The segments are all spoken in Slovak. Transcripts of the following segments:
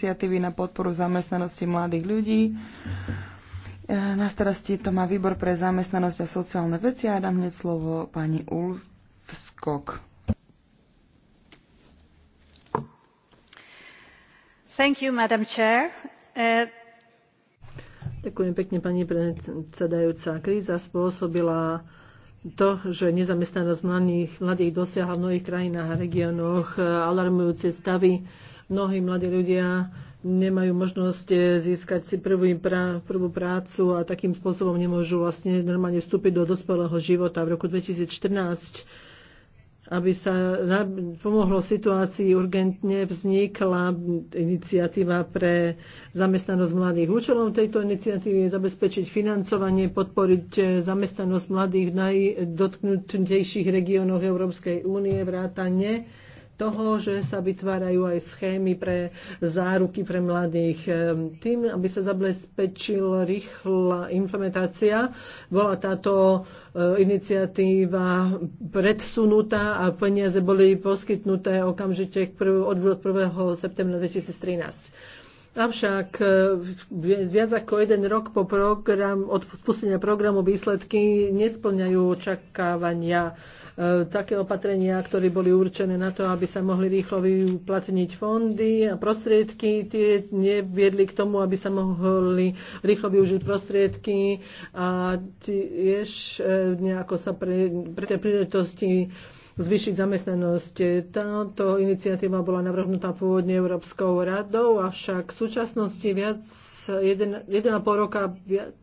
iniciatívy na podporu zamestnanosti mladých ľudí. E, na starosti to má výbor pre zamestnanosť a sociálne veci a ja dám hneď slovo pani Skok. Thank you, Madam Chair. Uh, Ďakujem pekne, pani predsedajúca. Kríza spôsobila to, že nezamestnanosť mladých, mladých dosiahla v mnohých krajinách a regiónoch e, alarmujúce stavy mnohí mladí ľudia nemajú možnosť eh, získať si prvú, prá, prvú prácu a takým spôsobom nemôžu vlastne normálne vstúpiť do dospelého života. V roku 2014 aby sa pomohlo situácii, urgentne vznikla iniciatíva pre zamestnanosť mladých. Účelom tejto iniciatívy je zabezpečiť financovanie, podporiť eh, zamestnanosť mladých v najdotknutejších regiónoch Európskej únie, vrátane toho, že sa vytvárajú aj schémy pre záruky pre mladých. Ehm, tým, aby sa zabezpečil rýchla implementácia, bola táto eh, iniciatíva predsunutá a peniaze boli poskytnuté okamžite od 1. septembra 2013. Avšak eh, viac ako jeden rok po program, od spustenia programu výsledky nesplňajú očakávania E, také opatrenia, ktoré boli určené na to, aby sa mohli rýchlo vyplatniť fondy a prostriedky, tie neviedli k tomu, aby sa mohli rýchlo využiť prostriedky a tiež e, nejako sa pre, pre tie príležitosti zvýšiť zamestnanosť. Táto iniciatíva bola navrhnutá pôvodne Európskou radou, avšak v súčasnosti viac 1,5 roka viac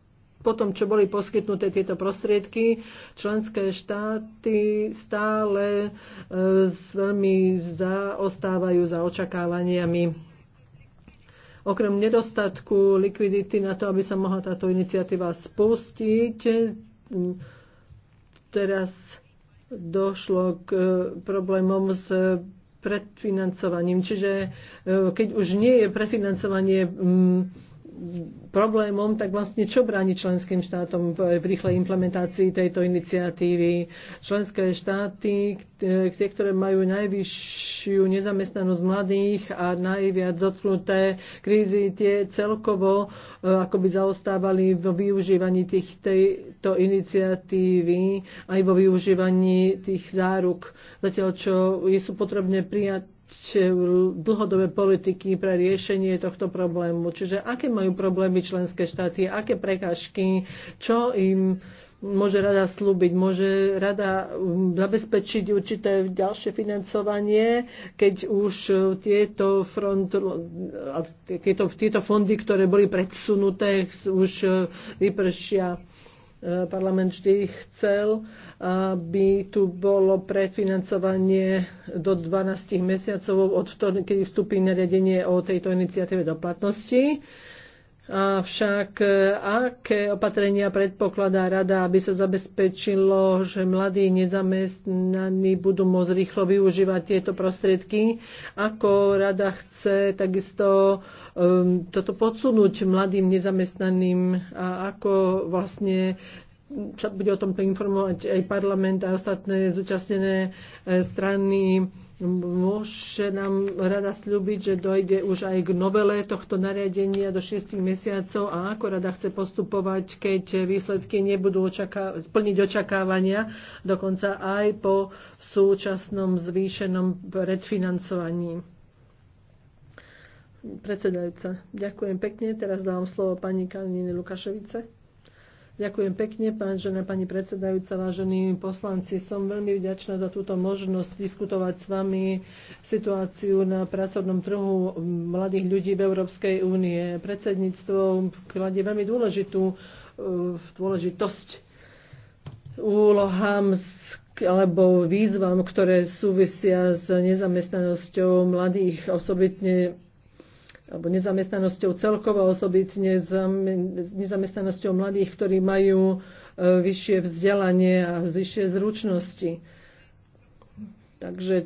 potom, čo boli poskytnuté tieto prostriedky, členské štáty stále e, veľmi zaostávajú za očakávaniami okrem nedostatku likvidity na to, aby sa mohla táto iniciatíva spustiť, teraz došlo k e, problémom s predfinancovaním. Čiže e, keď už nie je prefinancovanie problémom, tak vlastne čo bráni členským štátom v rýchlej implementácii tejto iniciatívy? Členské štáty, e, tie, ktoré majú najvyššiu nezamestnanosť mladých a najviac dotknuté krízy, tie celkovo e, akoby zaostávali vo využívaní tých, tejto iniciatívy aj vo využívaní tých záruk, zatiaľ čo sú potrebné prijať dlhodobé politiky pre riešenie tohto problému. Čiže aké majú problémy členské štáty, aké prekážky, čo im môže rada slúbiť, môže rada um, zabezpečiť určité ďalšie financovanie, keď už uh, tieto, front, uh, tieto, tieto fondy, ktoré boli predsunuté, už uh, vypršia. Eh, parlament vždy chcel, aby tu bolo prefinancovanie do 12 mesiacov od vtedy, kedy vstúpi nariadenie o tejto iniciatíve do platnosti. Avšak e, aké opatrenia predpokladá rada, aby sa zabezpečilo, že mladí nezamestnaní budú môcť rýchlo využívať tieto prostriedky? Ako rada chce takisto um, toto podsunúť mladým nezamestnaným a ako vlastne sa bude o tom informovať aj parlament a ostatné zúčastnené e, strany Môže nám rada slúbiť, že dojde už aj k novele tohto nariadenia do 6 mesiacov a ako rada chce postupovať, keď výsledky nebudú očaká- splniť očakávania, dokonca aj po súčasnom zvýšenom predfinancovaní. Predsedajúca, ďakujem pekne. Teraz dávam slovo pani Kalnine Lukaševice. Ďakujem pekne, žena pani predsedajúca, vážení poslanci. Som veľmi vďačná za túto možnosť diskutovať s vami situáciu na pracovnom trhu mladých ľudí v Európskej únie. Predsedníctvo kladie veľmi dôležitú eh, dôležitosť úlohám alebo výzvam, ktoré súvisia s nezamestnanosťou mladých, osobitne alebo nezamestnanosťou celkovo osobitne s nezamestnanosťou mladých, ktorí majú e, vyššie vzdelanie a vyššie zručnosti. Takže e,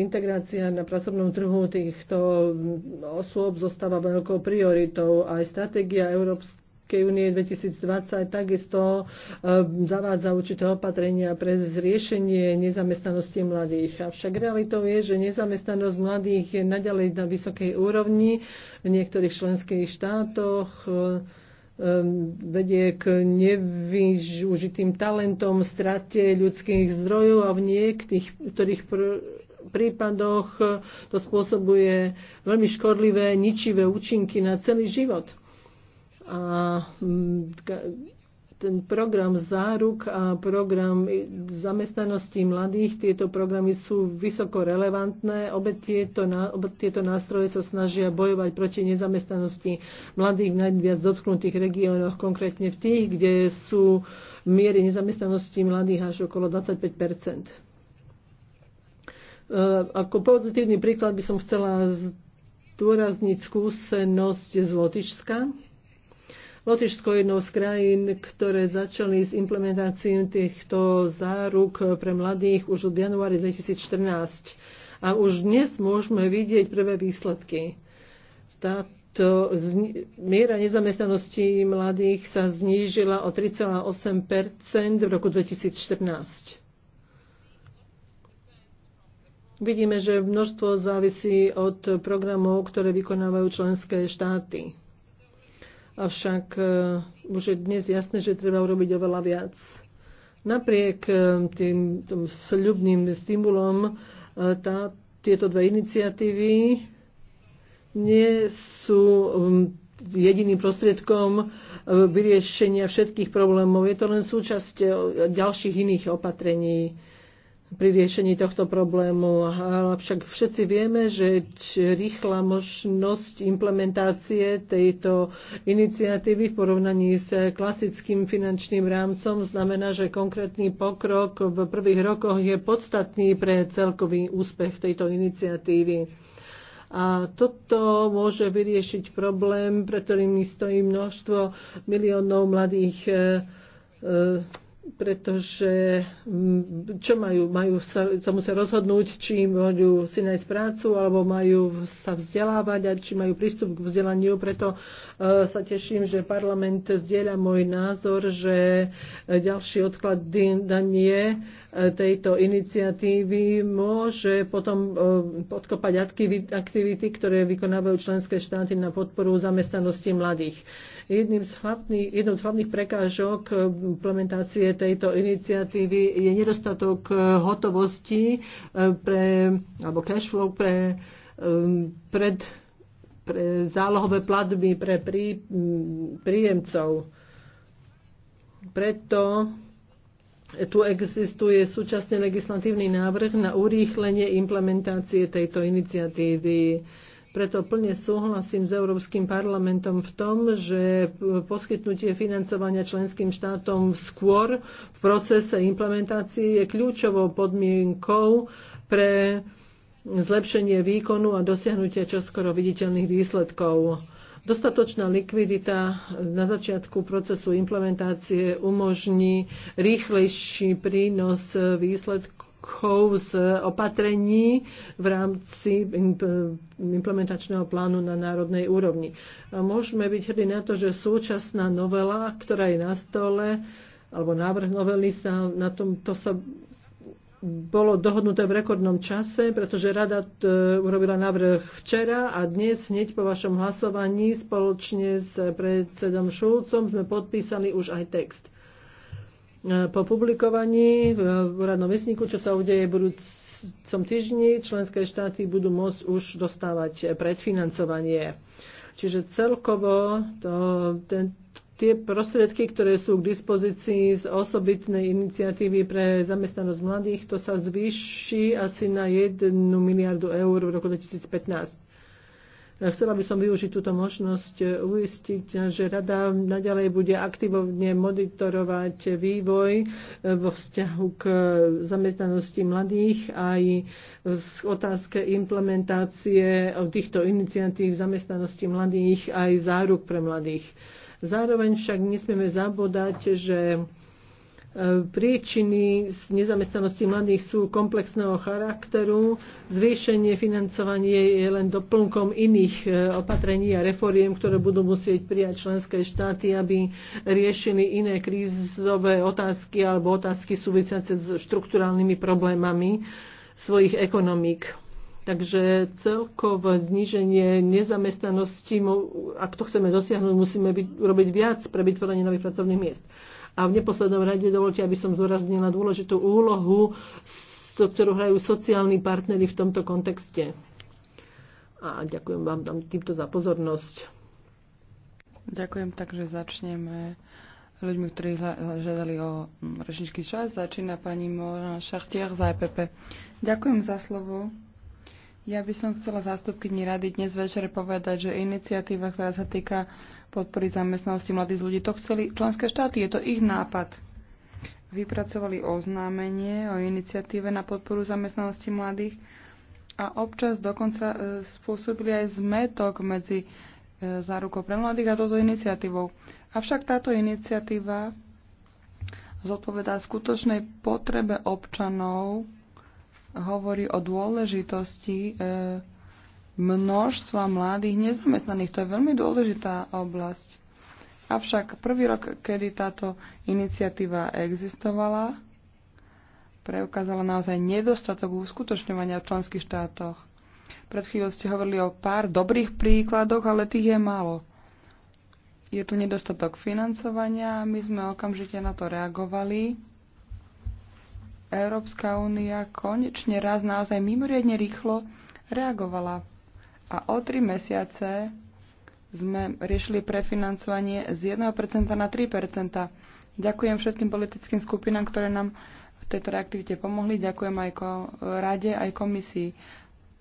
integrácia na pracovnom trhu týchto mm, osôb zostáva veľkou prioritou. Aj stratégia Európskej Európskej únie 2020 takisto e, zavádza určité opatrenia pre zriešenie nezamestnanosti mladých. Avšak realitou je, že nezamestnanosť mladých je naďalej na vysokej úrovni v niektorých členských štátoch e, e, vedie k nevyužitým talentom, strate ľudských zdrojov a v niektorých prípadoch to spôsobuje veľmi škodlivé, ničivé účinky na celý život a ten program záruk a program zamestnanosti mladých, tieto programy sú vysoko relevantné. Obe tieto, obe tieto nástroje sa snažia bojovať proti nezamestnanosti mladých v najviac dotknutých regiónoch, konkrétne v tých, kde sú miery nezamestnanosti mladých až okolo 25 e, Ako pozitívny príklad by som chcela zdôrazniť skúsenosť z Lotyšska Lotyšsko je jednou z krajín, ktoré začali s implementáciou týchto záruk pre mladých už od januári 2014. A už dnes môžeme vidieť prvé výsledky. Táto miera nezamestnanosti mladých sa znížila o 3,8 v roku 2014. Vidíme, že množstvo závisí od programov, ktoré vykonávajú členské štáty avšak e, už je dnes jasné, že treba urobiť oveľa viac. Napriek e, tým, tým sľubným stimulom e, tá, tieto dve iniciatívy nie sú jediným prostriedkom vyriešenia všetkých problémov. Je to len súčasť ďalších iných opatrení pri riešení tohto problému. Ale však všetci vieme, že rýchla možnosť implementácie tejto iniciatívy v porovnaní s klasickým finančným rámcom znamená, že konkrétny pokrok v prvých rokoch je podstatný pre celkový úspech tejto iniciatívy. A toto môže vyriešiť problém, pre ktorým stojí množstvo miliónov mladých e, e, pretože mm, čo majú? Majú sa, sa musia rozhodnúť, či majú si nájsť prácu, alebo majú sa vzdelávať a či majú prístup k vzdelaniu. Preto uh, sa teším, že parlament zdieľa môj názor, že e, ďalší odklad danie e, tejto iniciatívy môže potom uh, podkopať aktivity, ktoré vykonávajú členské štáty na podporu zamestnanosti mladých. Uh, Jedným z hlavný, jednou z hlavných prekážok eh, implementácie tejto iniciatívy je nedostatok eh, hotovosti eh, pre, alebo flow pre, ehm, pred, pre zálohové platby pre prí, mm, príjemcov. Preto tu existuje súčasný legislatívny návrh na urýchlenie implementácie tejto iniciatívy preto plne súhlasím s Európskym parlamentom v tom, že poskytnutie financovania členským štátom skôr v procese implementácie je kľúčovou podmienkou pre zlepšenie výkonu a dosiahnutie čoskoro viditeľných výsledkov. Dostatočná likvidita na začiatku procesu implementácie umožní rýchlejší prínos výsledkov krokov z opatrení v rámci implementačného plánu na národnej úrovni. A môžeme byť hrdí na to, že súčasná novela, ktorá je na stole, alebo návrh novely sa na tom, to sa bolo dohodnuté v rekordnom čase, pretože rada e, urobila návrh včera a dnes hneď po vašom hlasovaní spoločne s predsedom Šulcom sme podpísali už aj text. E, po publikovaní v úradnom vesníku, čo sa udeje v budúcom týždni, členské štáty budú môcť už dostávať predfinancovanie. Čiže celkovo to, ten, tie prostriedky, ktoré sú k dispozícii z osobitnej iniciatívy pre zamestnanosť mladých, to sa zvýši asi na 1 miliardu eur v roku 2015. E, chcela by som využiť túto možnosť e, uistiť, že rada naďalej bude aktivovne monitorovať vývoj e, vo vzťahu k zamestnanosti mladých aj v otázke implementácie týchto iniciatív zamestnanosti mladých aj záruk pre mladých. Zároveň však nesmieme zabodať, že Príčiny z nezamestnanosti mladých sú komplexného charakteru. Zvýšenie financovanie je len doplnkom iných e, opatrení a reforiem, ktoré budú musieť prijať členské štáty, aby riešili iné krízové otázky alebo otázky súvisiace s štruktúralnými problémami svojich ekonomík. Takže celkové zníženie nezamestnanosti, ak to chceme dosiahnuť, musíme byť, robiť viac pre vytvorenie nových pracovných miest. A v neposlednom rade dovolte, aby som zdôraznila dôležitú úlohu, ktorú hrajú sociálni partnery v tomto kontexte. A ďakujem vám tam týmto za pozornosť. Ďakujem, takže začneme ľuďmi, ktorí žiadali o rečničký čas. Začína pani Mona Šartier za EPP. Ďakujem za slovo. Ja by som chcela zástupkyni rady dnes večer povedať, že iniciatíva, ktorá sa týka podpory zamestnanosti mladých ľudí. To chceli členské štáty, je to ich nápad. Vypracovali oznámenie o iniciatíve na podporu zamestnanosti mladých a občas dokonca e, spôsobili aj zmetok medzi e, zárukou pre mladých a touto iniciatívou. Avšak táto iniciatíva zodpovedá skutočnej potrebe občanov, hovorí o dôležitosti e, množstva mladých nezamestnaných. To je veľmi dôležitá oblasť. Avšak prvý rok, kedy táto iniciatíva existovala, preukázala naozaj nedostatok uskutočňovania v členských štátoch. Pred chvíľou ste hovorili o pár dobrých príkladoch, ale tých je málo. Je tu nedostatok financovania, my sme okamžite na to reagovali. Európska únia konečne raz naozaj mimoriadne rýchlo reagovala a o tri mesiace sme riešili prefinancovanie z 1% na 3%. Ďakujem všetkým politickým skupinám, ktoré nám v tejto reaktivite pomohli. Ďakujem aj ko- rade, aj komisii.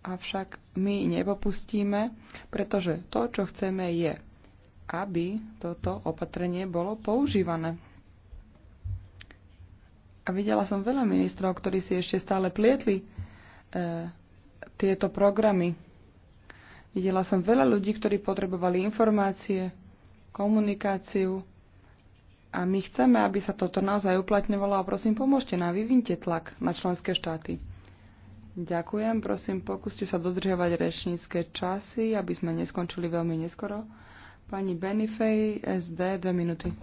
Avšak my nepopustíme, pretože to, čo chceme, je, aby toto opatrenie bolo používané. A videla som veľa ministrov, ktorí si ešte stále plietli e, tieto programy Videla som veľa ľudí, ktorí potrebovali informácie, komunikáciu a my chceme, aby sa toto naozaj uplatňovalo a prosím, pomôžte nám, vyvinte tlak na členské štáty. Ďakujem, prosím, pokúste sa dodržiavať rečnícke časy, aby sme neskončili veľmi neskoro. Pani Benifej, SD, dve minúty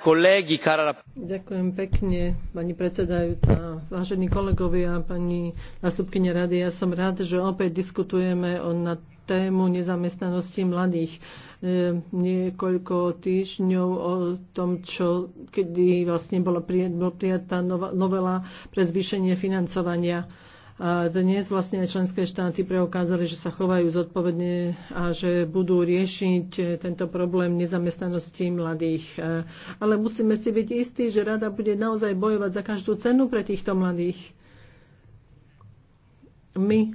colleghi, cara... Ďakujem pekne, pani predsedajúca, vážení kolegovia, pani nástupkynia rady. Ja som rád, že opäť diskutujeme o, na tému nezamestnanosti mladých. E, niekoľko týždňov o tom, čo, kedy vlastne bola prijat, bola prijatá novela pre zvýšenie financovania a dnes vlastne aj členské štáty preukázali, že sa chovajú zodpovedne a že budú riešiť e, tento problém nezamestnanosti mladých. E, ale musíme si byť istí, že rada bude naozaj bojovať za každú cenu pre týchto mladých. My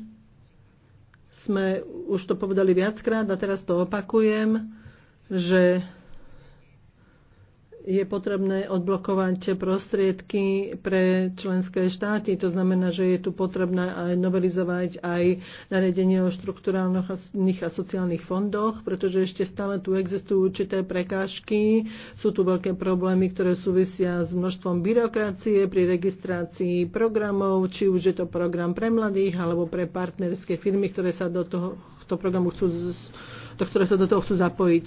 sme už to povedali viackrát a teraz to opakujem, že je potrebné odblokovať prostriedky pre členské štáty. To znamená, že je tu potrebné aj novelizovať aj nariadenie o štruktúrálnych a sociálnych fondoch, pretože ešte stále tu existujú určité prekážky. Sú tu veľké problémy, ktoré súvisia s množstvom byrokracie pri registrácii programov, či už je to program pre mladých alebo pre partnerské firmy, ktoré sa do tohto programu chcú to, ktoré sa do toho chcú zapojiť.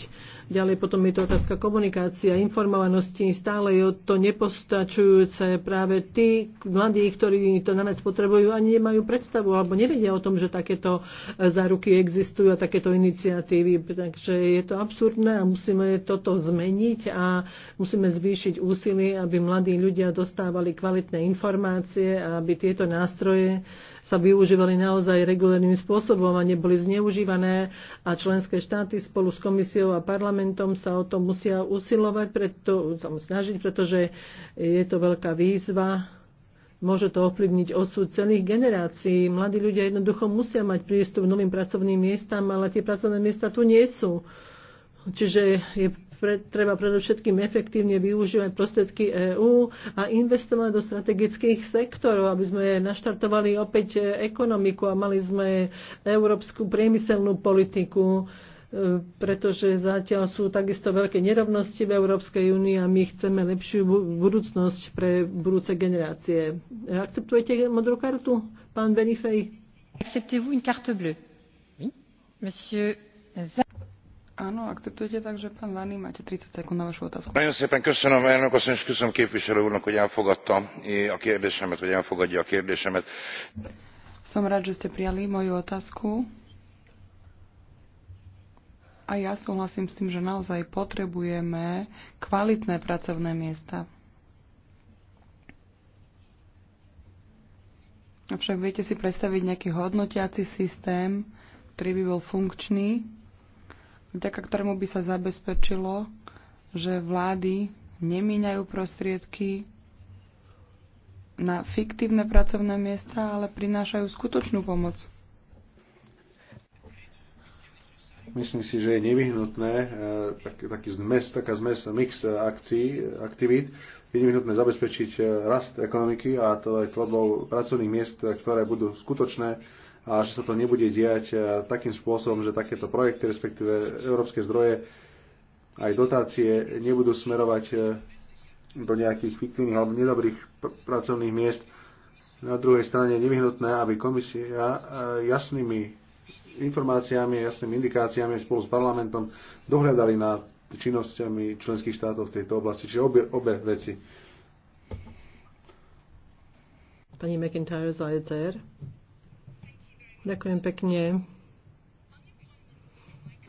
Ďalej potom je to otázka komunikácia, informovanosti. Stále je to nepostačujúce práve tí mladí, ktorí to najmä potrebujú, ani nemajú predstavu alebo nevedia o tom, že takéto záruky existujú a takéto iniciatívy. Takže je to absurdné a musíme toto zmeniť a musíme zvýšiť úsilie, aby mladí ľudia dostávali kvalitné informácie a aby tieto nástroje sa využívali naozaj regulárnym spôsobom a neboli zneužívané a členské štáty spolu s komisiou a parlamentom sa o to musia usilovať, preto, sa snažiť, pretože je to veľká výzva môže to ovplyvniť osud celých generácií. Mladí ľudia jednoducho musia mať prístup k novým pracovným miestam, ale tie pracovné miesta tu nie sú. Čiže je pre, treba predovšetkým efektívne využívať prostriedky EÚ a investovať do strategických sektorov, aby sme naštartovali opäť e, ekonomiku a mali sme európsku priemyselnú politiku e, pretože zatiaľ sú takisto veľké nerovnosti v Európskej únii a my chceme lepšiu budúcnosť pre budúce generácie. Akceptujete modrú kartu, pán Benifej? Acceptez-vous une carte bleue? Oui. Monsieur Áno, akceptujete, takže pán máte 30 sekúnd na vašu otázku. Nagyon szépen köszönöm, elnök asszony, és köszönöm képviselő úrnak, hogy elfogadta a kérdésemet, vagy elfogadja a kérdésemet. Som rád, že ste prijali moju otázku. A ja súhlasím s tým, že naozaj potrebujeme kvalitné pracovné miesta. Avšak viete si predstaviť nejaký hodnotiaci systém, ktorý by bol funkčný vďaka ktorému by sa zabezpečilo, že vlády nemíňajú prostriedky na fiktívne pracovné miesta, ale prinášajú skutočnú pomoc. Myslím si, že je nevyhnutné e, tak, taký zmes, taká zmes, mix e, akcií, aktivít. Je nevyhnutné zabezpečiť e, rast ekonomiky a to aj tvorbou pracovných miest, ktoré budú skutočné, a že sa to nebude diať e, takým spôsobom, že takéto projekty, respektíve európske zdroje, aj dotácie nebudú smerovať e, do nejakých fiktívnych alebo nedobrých pracovných miest. Na druhej strane je nevyhnutné, aby komisia e, jasnými informáciami, jasnými indikáciami spolu s parlamentom dohľadali na činnosťami členských štátov v tejto oblasti, čiže obe, obe veci. Pani McIntyre z AECR. Ďakujem pekne.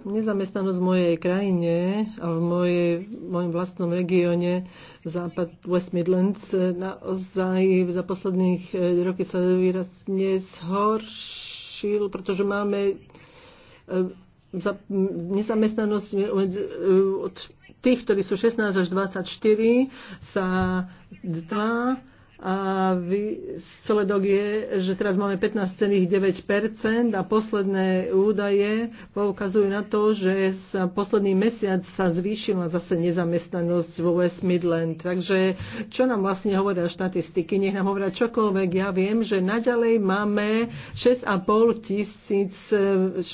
Nezamestnanosť v mojej krajine a v mojej, mojom vlastnom regióne západ West Midlands naozaj za posledných e, roky sa výrazne zhoršil, pretože máme e, za, nezamestnanosť e, od tých, ktorí sú 16 až 24, sa dá a výsledok je, že teraz máme 15,9% a posledné údaje poukazujú na to, že sa posledný mesiac sa zvýšila zase nezamestnanosť vo West Midland. Takže čo nám vlastne hovoria štatistiky? Nech nám hovoria čokoľvek. Ja viem, že naďalej máme 6,5 tisíc 16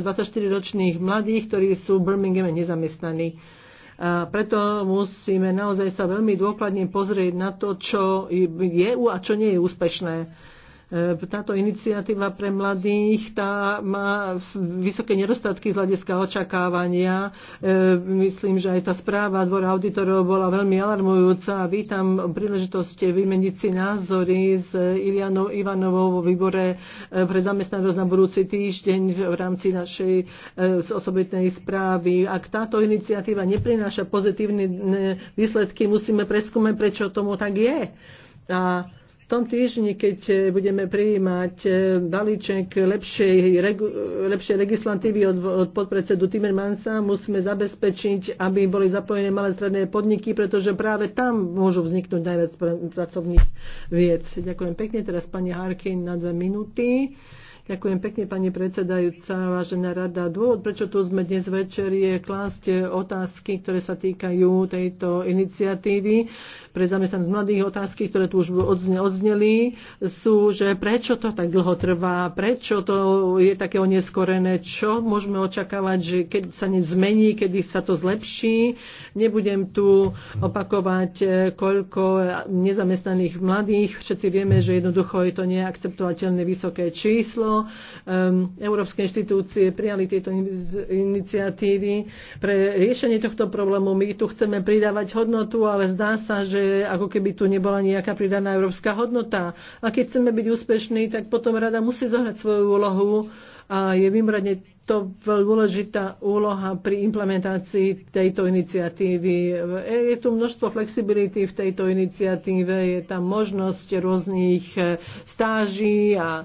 24 ročných mladých, ktorí sú v Birminghame nezamestnaní. A preto musíme naozaj sa veľmi dôkladne pozrieť na to, čo je a čo nie je úspešné. E, táto iniciatíva pre mladých tá má vysoké nedostatky z hľadiska očakávania. E, myslím, že aj tá správa Dvora auditorov bola veľmi alarmujúca a vítam príležitosť vymeniť si názory s Ilianou Ivanovou vo výbore e, pre zamestnanosť na budúci týždeň v rámci našej osobitnej správy. Ak táto iniciatíva neprináša pozitívne výsledky, musíme preskúmať, prečo tomu tak je. A v tom týždni, keď e, budeme prijímať e, balíček lepšej, lepšej legislatívy od, od podpredsedu Timmermansa, musíme zabezpečiť, aby boli zapojené malé stredné podniky, pretože práve tam môžu vzniknúť najviac pracovných viec. Ďakujem pekne. Teraz pani Harkin na dve minúty. Ďakujem pekne, pani predsedajúca, vážená rada. Dôvod, prečo tu sme dnes večer, je klásť otázky, ktoré sa týkajú tejto iniciatívy pre zamestnanosť mladých. Otázky, ktoré tu už odzne, odzneli, sú, že prečo to tak dlho trvá, prečo to je také oneskorené, čo môžeme očakávať, že keď sa nič zmení, kedy sa to zlepší. Nebudem tu opakovať, koľko nezamestnaných mladých. Všetci vieme, že jednoducho je to neakceptovateľné vysoké číslo um, európske inštitúcie prijali tieto iniciatívy. Pre riešenie tohto problému my tu chceme pridávať hodnotu, ale zdá sa, že ako keby tu nebola nejaká pridaná európska hodnota. A keď chceme byť úspešní, tak potom rada musí zohrať svoju úlohu a je mimoriadne to dôležitá úloha pri implementácii tejto iniciatívy. Je tu množstvo flexibility v tejto iniciatíve, je tam možnosť rôznych stáží a e,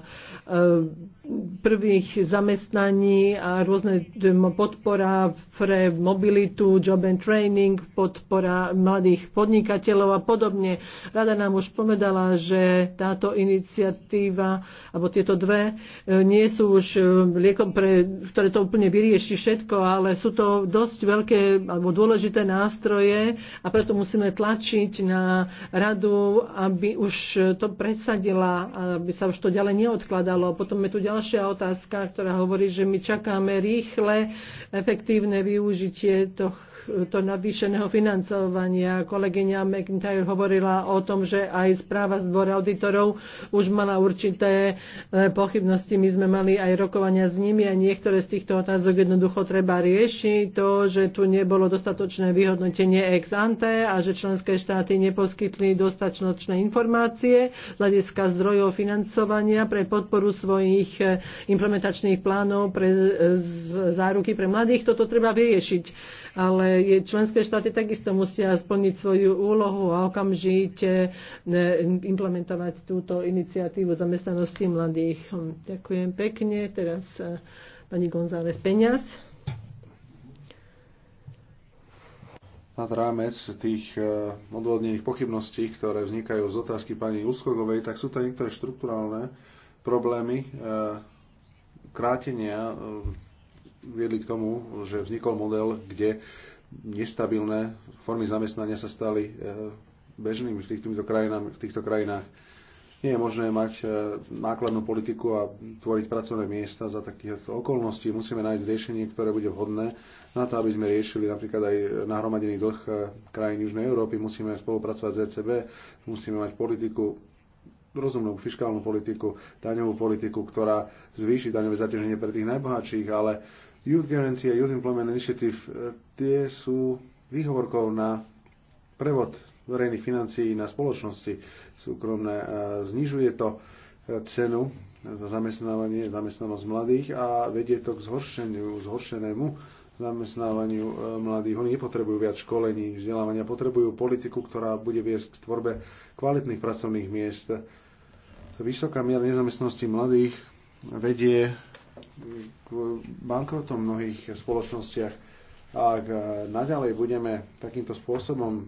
prvých zamestnaní a rôzne podpora pre mobilitu, job and training, podpora mladých podnikateľov a podobne. Rada nám už povedala, že táto iniciatíva, alebo tieto dve, e, nie sú už e, liekom pre ktoré to úplne vyrieši všetko, ale sú to dosť veľké alebo dôležité nástroje a preto musíme tlačiť na radu, aby už to predsadila, aby sa už to ďalej neodkladalo. Potom je tu ďalšia otázka, ktorá hovorí, že my čakáme rýchle, efektívne využitie toho to navýšeného financovania. Kolegyňa McIntyre hovorila o tom, že aj správa z dvora auditorov už mala určité eh, pochybnosti. My sme mali aj rokovania s nimi a niektoré z týchto otázok jednoducho treba riešiť. To, že tu nebolo dostatočné vyhodnotenie ex ante a že členské štáty neposkytli dostatočné informácie z hľadiska zdrojov financovania pre podporu svojich eh, implementačných plánov pre eh, z záruky pre mladých, toto treba vyriešiť. Ale členské štáty takisto musia splniť svoju úlohu a okamžite implementovať túto iniciatívu zamestnanosti mladých. Hm, ďakujem pekne. Teraz e, pani González Peňaz. nad rámec tých e, odvodnených pochybností, ktoré vznikajú z otázky pani Úskogovej, tak sú tam niektoré štruktúrálne problémy e, krátenia viedli k tomu, že vznikol model, kde nestabilné formy zamestnania sa stali e, bežným v týchto, krajinách, v týchto krajinách. Nie je možné mať e, nákladnú politiku a tvoriť pracovné miesta za takýchto okolností. Musíme nájsť riešenie, ktoré bude vhodné na to, aby sme riešili napríklad aj nahromadený dlh e, krajín Južnej Európy. Musíme spolupracovať s ECB, musíme mať politiku rozumnú fiskálnu politiku, daňovú politiku, ktorá zvýši daňové zaťaženie pre tých najbohatších, ale Youth Guarantee a Youth Employment Initiative, e, tie sú výhovorkou na prevod verejných financií na spoločnosti súkromné. E, znižuje to e, cenu za zamestnávanie, zamestnanosť mladých a vedie to k zhoršeniu, zhoršenému zamestnávaniu mladých. Oni nepotrebujú viac školení, vzdelávania, potrebujú politiku, ktorá bude viesť k tvorbe kvalitných pracovných miest. Vysoká miera nezamestnanosti mladých vedie k bankrotom v mnohých spoločnostiach. Ak e, naďalej budeme takýmto spôsobom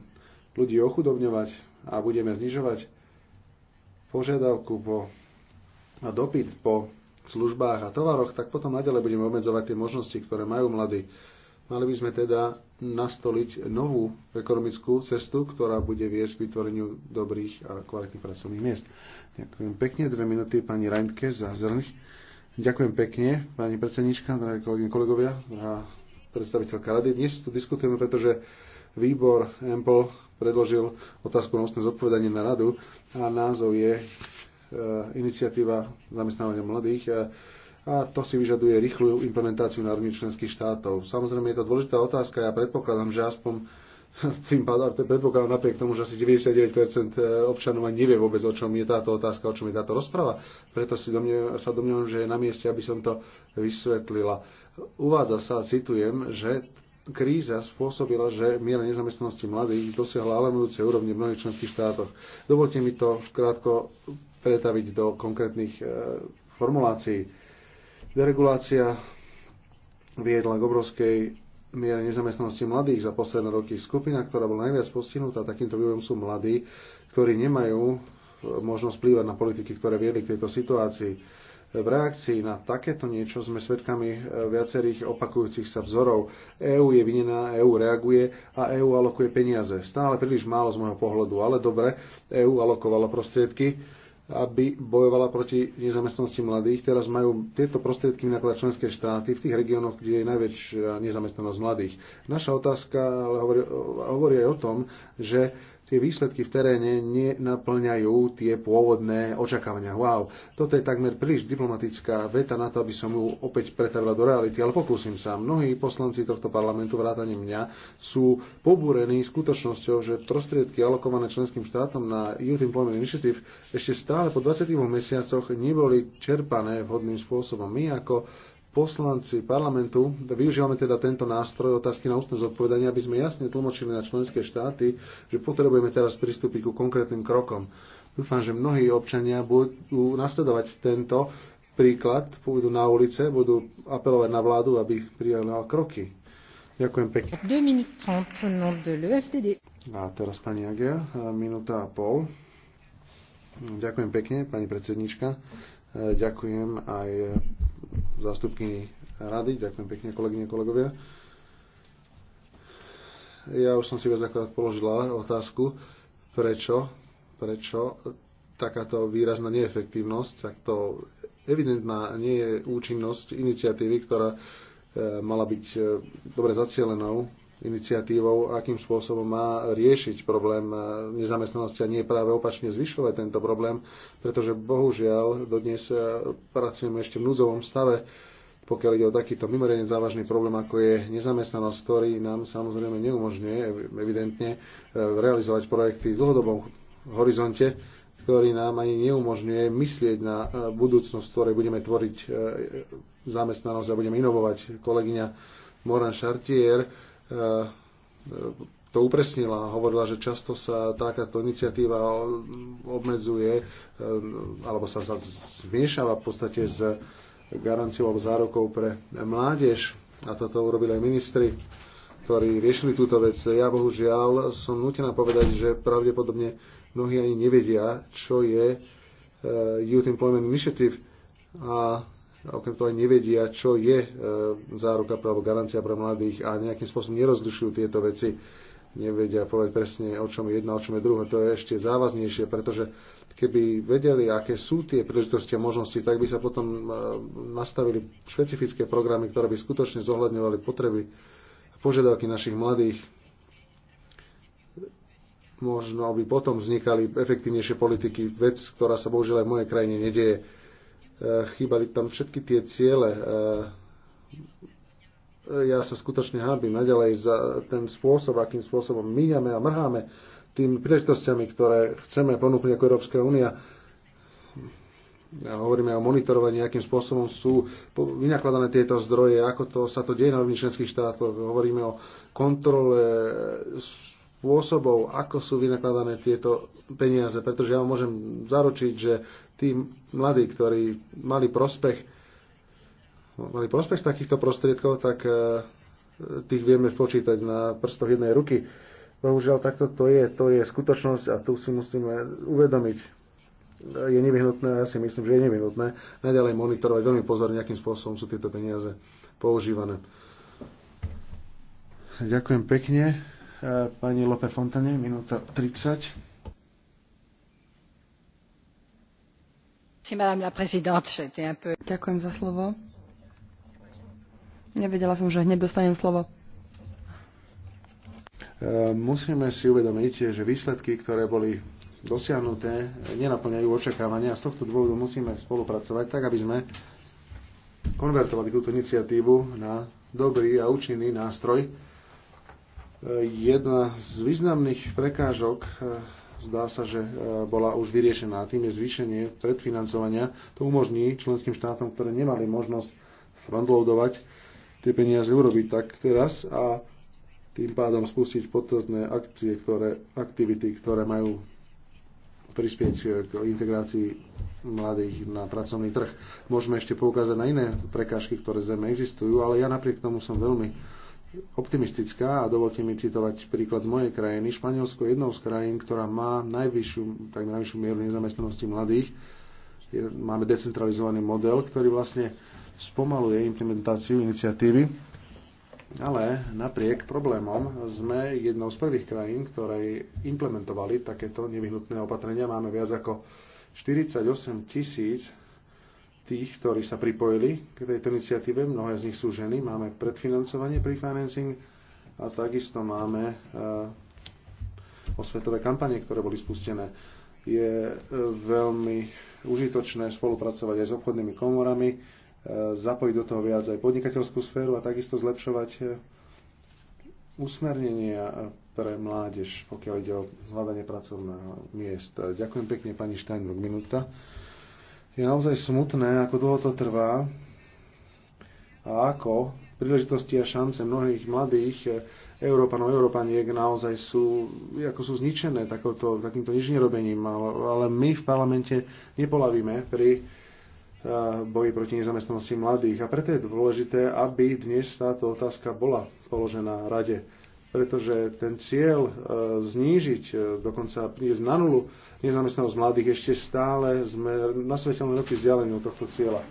ľudí ochudobňovať a budeme znižovať požiadavku po a dopyt po službách a tovaroch, tak potom naďalej budeme obmedzovať tie možnosti, ktoré majú mladí. Mali by sme teda nastoliť novú ekonomickú cestu, ktorá bude viesť k vytvoreniu dobrých a kvalitných pracovných miest. Ďakujem pekne. Dve minúty pani Reintke za zelených. Ďakujem pekne, pani predsednička, drahé kolegyne, kolegovia, drahá predstaviteľka rady. Dnes tu diskutujeme, pretože výbor EMPL predložil otázku na ústne zodpovedanie na radu a názov je e, iniciatíva zamestnávania mladých e, a to si vyžaduje rýchlu implementáciu národných členských štátov. Samozrejme je to dôležitá otázka, ja predpokladám, že aspoň tým pádom, predpokladám napriek tomu, že asi 99% e, občanov ani nevie vôbec, o čom je táto otázka, o čom je táto rozprava. Preto si domne, sa domnievam, že je na mieste, aby som to vysvetlila. Uvádza sa, citujem, že kríza spôsobila, že miera nezamestnanosti mladých dosiahla alarmujúce úrovne v mnohých členských štátoch. Dovolte mi to krátko pretaviť do konkrétnych e, formulácií. Deregulácia viedla k obrovskej miere nezamestnanosti mladých za posledné roky. Skupina, ktorá bola najviac postihnutá takýmto vývojom, sú mladí, ktorí nemajú e, možnosť vplývať na politiky, ktoré viedli k tejto situácii. V reakcii na takéto niečo sme svedkami e, viacerých opakujúcich sa vzorov. EÚ je vinená, EÚ reaguje a EÚ alokuje peniaze. Stále príliš málo z môjho pohľadu, ale dobre, EÚ alokovala prostriedky aby bojovala proti nezamestnanosti mladých. Teraz majú tieto prostriedky napríklad členské štáty v tých regiónoch, kde je najväčšia nezamestnanosť mladých. Naša otázka ale hovorí, hovorí aj o tom, že tie výsledky v teréne nenaplňajú tie pôvodné očakávania. Wow, toto je takmer príliš diplomatická veta na to, aby som ju opäť pretavila do reality, ale pokúsim sa. Mnohí poslanci tohto parlamentu, vrátane mňa, sú pobúrení skutočnosťou, že prostriedky alokované členským štátom na Youth Employment Initiative ešte stále po 20 mesiacoch neboli čerpané vhodným spôsobom. My ako poslanci parlamentu, využívame teda tento nástroj otázky na ústne zodpovedanie, aby sme jasne tlmočili na členské štáty, že potrebujeme teraz pristúpiť ku konkrétnym krokom. Dúfam, že mnohí občania budú nasledovať tento príklad, pôjdu na ulice, budú apelovať na vládu, aby prijala kroky. Ďakujem pekne. 2 minúty 30 nom de A teraz pani Agia, minúta a pol. Ďakujem pekne, pani predsednička. Ďakujem aj zástupky rady. Ďakujem pekne, kolegyne, kolegovia. Ja už som si viac akorát položila otázku, prečo, prečo takáto výrazná neefektívnosť, takto evidentná nie je účinnosť iniciatívy, ktorá eh, mala byť eh, dobre zacielenou iniciatívou, akým spôsobom má riešiť problém eh, nezamestnanosti a nie práve opačne zvyšovať tento problém, pretože bohužiaľ dodnes eh, pracujeme ešte v núdzovom stave, pokiaľ ide o takýto mimoriadne závažný problém, ako je nezamestnanosť, ktorý nám samozrejme neumožňuje evidentne eh, realizovať projekty v dlhodobom horizonte, ktorý nám ani neumožňuje myslieť na budúcnosť, ktorej budeme tvoriť zamestnanosť a budeme inovovať. Kolegyňa Moran Chartier to upresnila. Hovorila, že často sa takáto iniciatíva obmedzuje e, alebo sa zmiešava v podstate s garanciou alebo zárokou pre mládež. A toto urobili aj ministri, ktorí riešili túto vec. Ja bohužiaľ som nutená povedať, že pravdepodobne mnohí ani nevedia, čo je e, Youth Employment Initiative a a okrem toho aj nevedia, čo je e, záruka právo garancia pre mladých a nejakým spôsobom nerozlišujú tieto veci nevedia povedať presne, o čom je jedno, o čom je druhé. To je ešte závaznejšie, pretože keby vedeli, aké sú tie príležitosti a možnosti, tak by sa potom e, nastavili špecifické programy, ktoré by skutočne zohľadňovali potreby a požiadavky našich mladých. Možno by potom vznikali efektívnejšie politiky, vec, ktorá sa bohužiaľ aj v mojej krajine nedieje chýbali tam všetky tie ciele. E, ja sa skutočne hábim naďalej za ten spôsob, akým spôsobom míňame a mrháme tými príležitostiami, ktoré chceme ponúknuť ako Európska únia. Ja hovoríme o monitorovaní, akým spôsobom sú vynakladané tieto zdroje, ako to sa to deje na rovni členských štátoch. Hovoríme o kontrole spôsobov, ako sú vynakladané tieto peniaze, pretože ja vám môžem zaručiť, že tí mladí, ktorí mali prospech, mali prospech z takýchto prostriedkov, tak e, tých vieme počítať na prstoch jednej ruky. Bohužiaľ, takto to je, to je skutočnosť a tu si musíme uvedomiť. Je nevyhnutné, ja si myslím, že je nevyhnutné naďalej monitorovať veľmi pozorne, akým spôsobom sú tieto peniaze používané. Ďakujem pekne. E, pani Lope Fontane, minúta 30. Ďakujem za slovo. Nevedela som, že hneď slovo. E, musíme si uvedomiť, že výsledky, ktoré boli dosiahnuté, nenaplňajú očakávania a z tohto dôvodu musíme spolupracovať tak, aby sme konvertovali túto iniciatívu na dobrý a účinný nástroj. E, jedna z významných prekážok e, zdá sa, že e, bola už vyriešená. Tým je zvýšenie predfinancovania. To umožní členským štátom, ktoré nemali možnosť frontloadovať tie peniaze urobiť tak teraz a tým pádom spustiť potrebné akcie, ktoré, aktivity, ktoré majú prispieť e, k integrácii mladých na pracovný trh. Môžeme ešte poukázať na iné prekážky, ktoré zrejme existujú, ale ja napriek tomu som veľmi optimistická a dovolte mi citovať príklad z mojej krajiny. Španielsko je jednou z krajín, ktorá má najvyššiu, tak najvyššiu mieru nezamestnanosti mladých. Je, máme decentralizovaný model, ktorý vlastne spomaluje implementáciu iniciatívy, ale napriek problémom sme jednou z prvých krajín, ktoré implementovali takéto nevyhnutné opatrenia. Máme viac ako 48 tisíc tých, ktorí sa pripojili k tejto iniciatíve. Mnohé z nich sú ženy. Máme predfinancovanie, prefinancing a takisto máme eh, osvetové kampanie, ktoré boli spustené. Je eh, veľmi užitočné spolupracovať aj s obchodnými komorami, eh, zapojiť do toho viac aj podnikateľskú sféru a takisto zlepšovať usmernenia pre mládež, pokiaľ ide o hľadanie pracovného miest. Ďakujem pekne pani Steinbrück, minúta. Je naozaj smutné, ako dlho to trvá a ako príležitosti a šance mnohých mladých Európanov, Európaniek naozaj sú, ako sú zničené takouto, takýmto nižnerobením, ale, ale my v parlamente nepolavíme pri eh, boji proti nezamestnanosti mladých. A preto je dôležité, aby dnes táto otázka bola položená rade pretože ten cieľ e, znížiť, e, dokonca prísť na nulu nezamestnanosť mladých, ešte stále sme na svetelné roky vzdialení od tohto cieľa.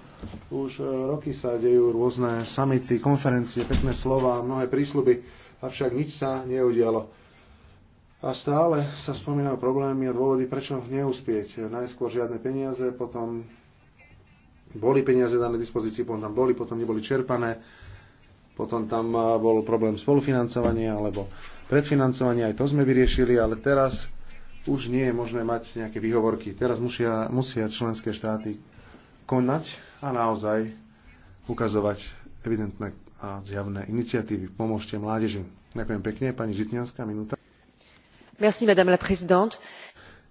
Už e, roky sa dejú rôzne samity, konferencie, pekné slova, mnohé prísľuby, avšak nič sa neudialo. A stále sa spomínajú problémy a dôvody, prečo neúspieť. Najskôr žiadne peniaze, potom boli peniaze dané dispozícii, potom tam boli, potom neboli čerpané potom tam bol problém spolufinancovania alebo predfinancovania, aj to sme vyriešili, ale teraz už nie je možné mať nejaké výhovorky. Teraz musia, musia členské štáty konať a naozaj ukazovať evidentné a zjavné iniciatívy. Pomôžte mládeži. Ďakujem pekne. Pani Žitňanská, minúta. Merci, madame la présidente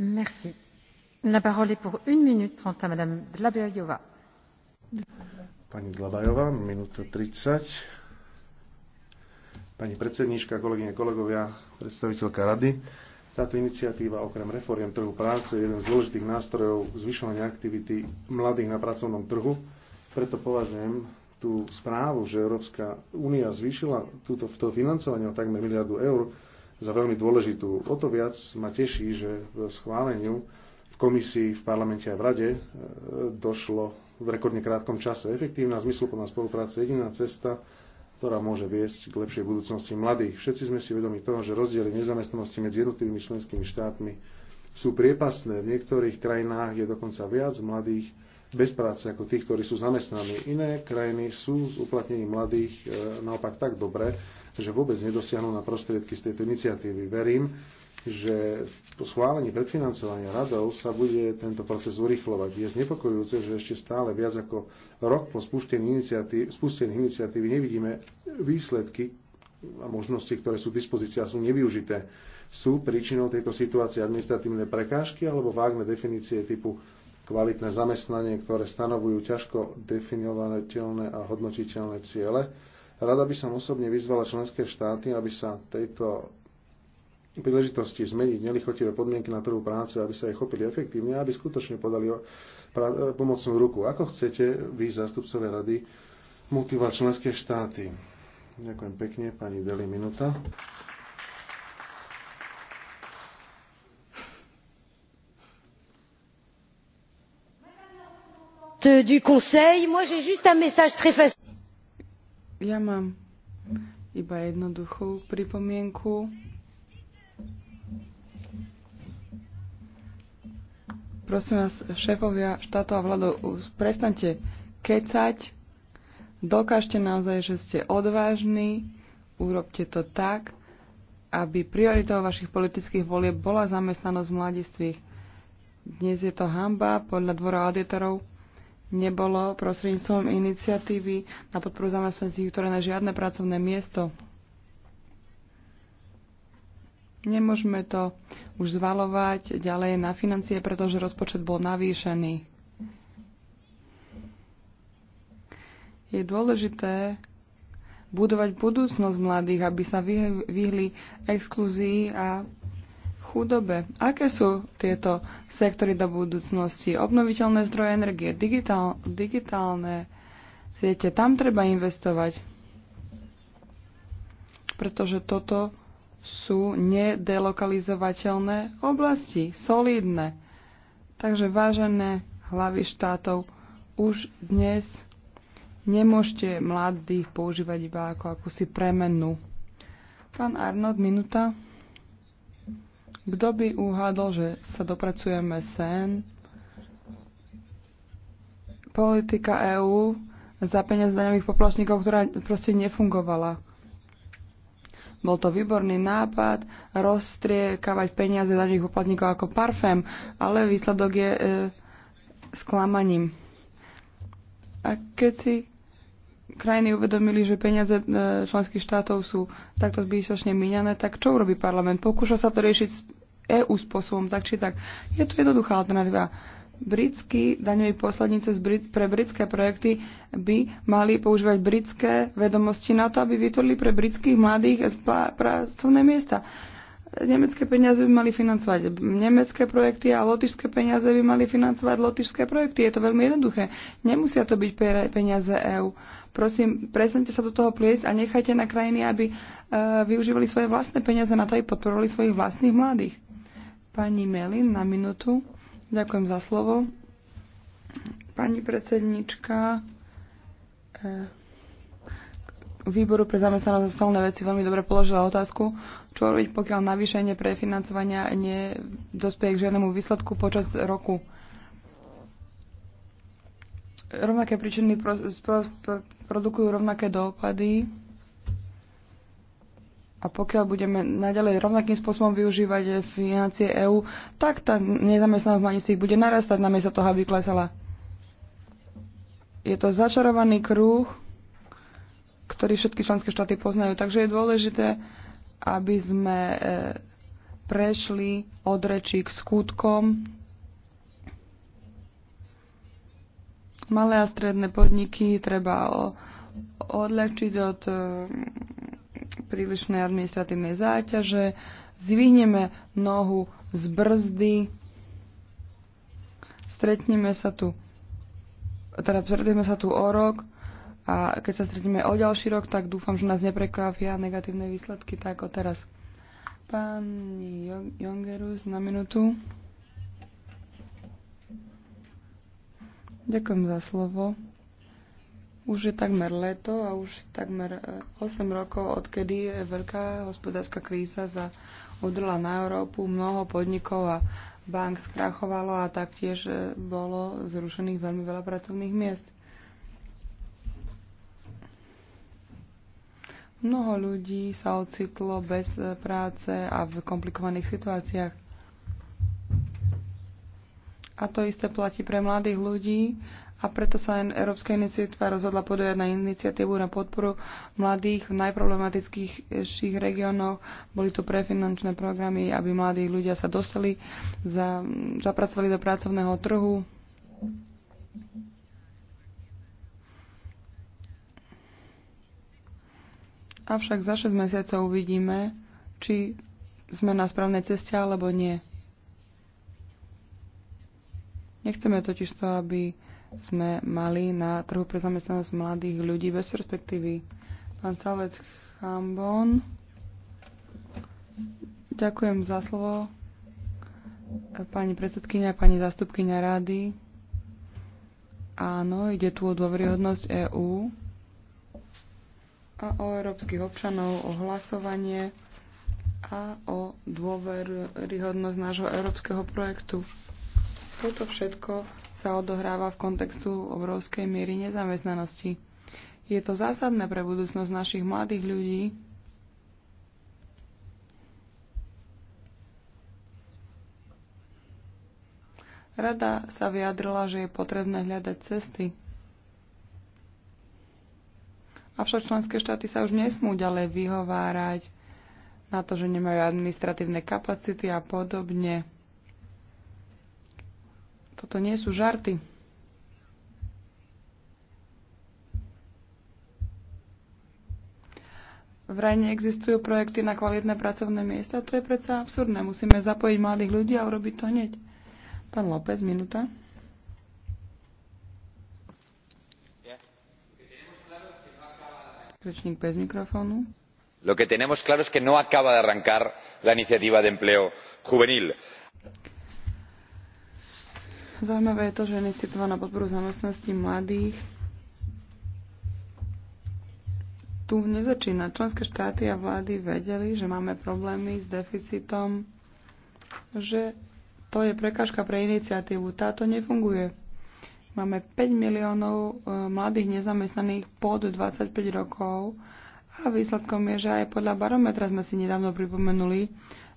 Merci. parole est pour minute Madame Dlabajová. Pani Dlabajová, minúta predsedníčka, kolegyne, kolegovia, predstaviteľka rady. Táto iniciatíva okrem reforiem trhu práce je jeden z dôležitých nástrojov zvyšovania aktivity mladých na pracovnom trhu. Preto považujem tú správu, že Európska únia zvýšila túto, to financovanie o takmer miliardu eur, za veľmi dôležitú. O to viac ma teší, že v schváleniu v komisii, v parlamente a v rade e, došlo v rekordne krátkom čase. Efektívna zmysluplná spolupráca je jediná cesta, ktorá môže viesť k lepšej budúcnosti mladých. Všetci sme si vedomi toho, že rozdiely nezamestnanosti medzi jednotlivými členskými štátmi sú priepasné. V niektorých krajinách je dokonca viac mladých bez práce ako tých, ktorí sú zamestnaní. Iné krajiny sú s uplatnením mladých e, naopak tak dobré, že vôbec nedosiahnu na prostriedky z tejto iniciatívy. Verím, že po schválení predfinancovania radov sa bude tento proces urychlovať. Je znepokojujúce, že ešte stále viac ako rok po spustení iniciatívy, spustení iniciatívy nevidíme výsledky a možnosti, ktoré sú v dispozícii a sú nevyužité. Sú príčinou tejto situácie administratívne prekážky alebo vágne definície typu kvalitné zamestnanie, ktoré stanovujú ťažko definovateľné a hodnotiteľné ciele Rada by som osobne vyzvala členské štáty, aby sa tejto príležitosti zmeniť nelichotivé podmienky na trhu práce, aby sa ich chopili efektívne a aby skutočne podali pomocnú ruku. Ako chcete vy, zástupcové rady, motivovať členské štáty? Ďakujem pekne, pani Deli, minúta. du conseil moi j'ai juste un message très facile ja mám iba jednoduchú pripomienku. Prosím vás, šéfovia štátov a vládov, prestante kecať, dokážte naozaj, že ste odvážni, urobte to tak, aby prioritou vašich politických volieb bola zamestnanosť mladistvých. Dnes je to hamba podľa dvora auditorov nebolo prostredníctvom iniciatívy na podporu zamestnancí, ktoré na žiadne pracovné miesto. Nemôžeme to už zvalovať ďalej na financie, pretože rozpočet bol navýšený. Je dôležité budovať budúcnosť mladých, aby sa vyhli exkluzii a chudobe. Aké sú tieto sektory do budúcnosti? Obnoviteľné zdroje energie, digitál, digitálne siete, tam treba investovať, pretože toto sú nedelokalizovateľné oblasti, solidné. Takže vážené hlavy štátov, už dnes nemôžete mladých používať iba ako akúsi premenu. Pán Arnold, minúta. Kto by uhádol, že sa dopracujeme sen? Politika EÚ za peniaz daňových poplašníkov, ktorá proste nefungovala. Bol to výborný nápad rozstriekavať peniaze daňových poplatníkov ako parfém, ale výsledok je e, sklamaním. A keď si krajiny uvedomili, že peniaze e, členských štátov sú takto zbytočne míňané, tak čo urobí parlament? Pokúša sa to riešiť EU spôsobom, tak či tak. Je tu jednoduchá alternatíva. Britskí daňoví poslednice pre britské projekty by mali používať britské vedomosti na to, aby vytvorili pre britských mladých pracovné miesta. Nemecké peniaze by mali financovať nemecké projekty a lotišské peniaze by mali financovať lotišské projekty. Je to veľmi jednoduché. Nemusia to byť peniaze EÚ. Prosím, prestante sa do toho pliesť a nechajte na krajiny, aby e, využívali svoje vlastné peniaze na to, aby podporovali svojich vlastných mladých. Pani Melin na minutu. Ďakujem za slovo. Pani predsednička eh, výboru pre zamestnanosť a sociálne veci veľmi dobre položila otázku, čo robiť, pokiaľ navýšenie prefinancovania nedospeje k žiadnemu výsledku počas roku. Rovnaké príčiny pro, pro, pro, produkujú rovnaké dopady a pokiaľ budeme naďalej rovnakým spôsobom využívať financie EÚ, tak tá nezamestnanosť mladistých bude narastať namiesto toho, aby klesala. Je to začarovaný kruh, ktorý všetky členské štáty poznajú. Takže je dôležité, aby sme e, prešli od rečí k skutkom. Malé a stredné podniky treba odľahčiť od e, prílišnej administratívnej záťaže, zvihneme nohu z brzdy, stretneme sa tu, teda stretneme sa tu o rok a keď sa stretneme o ďalší rok, tak dúfam, že nás neprekvapia negatívne výsledky tak ako teraz. Pán Jongerus na minútu. Ďakujem za slovo. Už je takmer leto a už takmer 8 e, rokov, odkedy veľká hospodárska kríza za udrla na Európu, mnoho podnikov a bank skrachovalo a taktiež e, bolo zrušených veľmi veľa pracovných miest. Mnoho ľudí sa ocitlo bez e, práce a v komplikovaných situáciách. A to isté platí pre mladých ľudí, a preto sa Európska iniciatíva rozhodla podojať na iniciatívu na podporu mladých v najproblematickejších regiónoch. Boli tu prefinančné programy, aby mladí ľudia sa dostali, za, zapracovali do pracovného trhu. Avšak za 6 mesiacov uvidíme, či sme na správnej ceste alebo nie. Nechceme totiž to, aby sme mali na trhu pre zamestnanosť mladých ľudí bez perspektívy. Pán Salvec Chambon, ďakujem za slovo. Pani predsedkynia, pani zastupkynia rady. Áno, ide tu o dôveryhodnosť EÚ a o európskych občanov, o hlasovanie a o dôveryhodnosť nášho európskeho projektu. Toto všetko sa odohráva v kontextu obrovskej miery nezamestnanosti. Je to zásadné pre budúcnosť našich mladých ľudí, Rada sa vyjadrila, že je potrebné hľadať cesty. Avšak členské štáty sa už nesmú ďalej vyhovárať na to, že nemajú administratívne kapacity a podobne. Toto nie sú žarty. Vraj neexistujú projekty na kvalitné pracovné miesta. To je predsa absurdné. Musíme zapojiť mladých ľudí a urobiť to hneď. Pán López, minúta. Rečník bez mikrofónu. Lo que tenemos claro es que no acaba de arrancar la iniciativa de empleo juvenil. Zaujímavé je to, že iniciatíva na podporu zamestnanosti mladých tu nezačína. Členské štáty a vlády vedeli, že máme problémy s deficitom, že to je prekážka pre iniciatívu. Táto nefunguje. Máme 5 miliónov e, mladých nezamestnaných pod 25 rokov a výsledkom je, že aj podľa barometra sme si nedávno pripomenuli,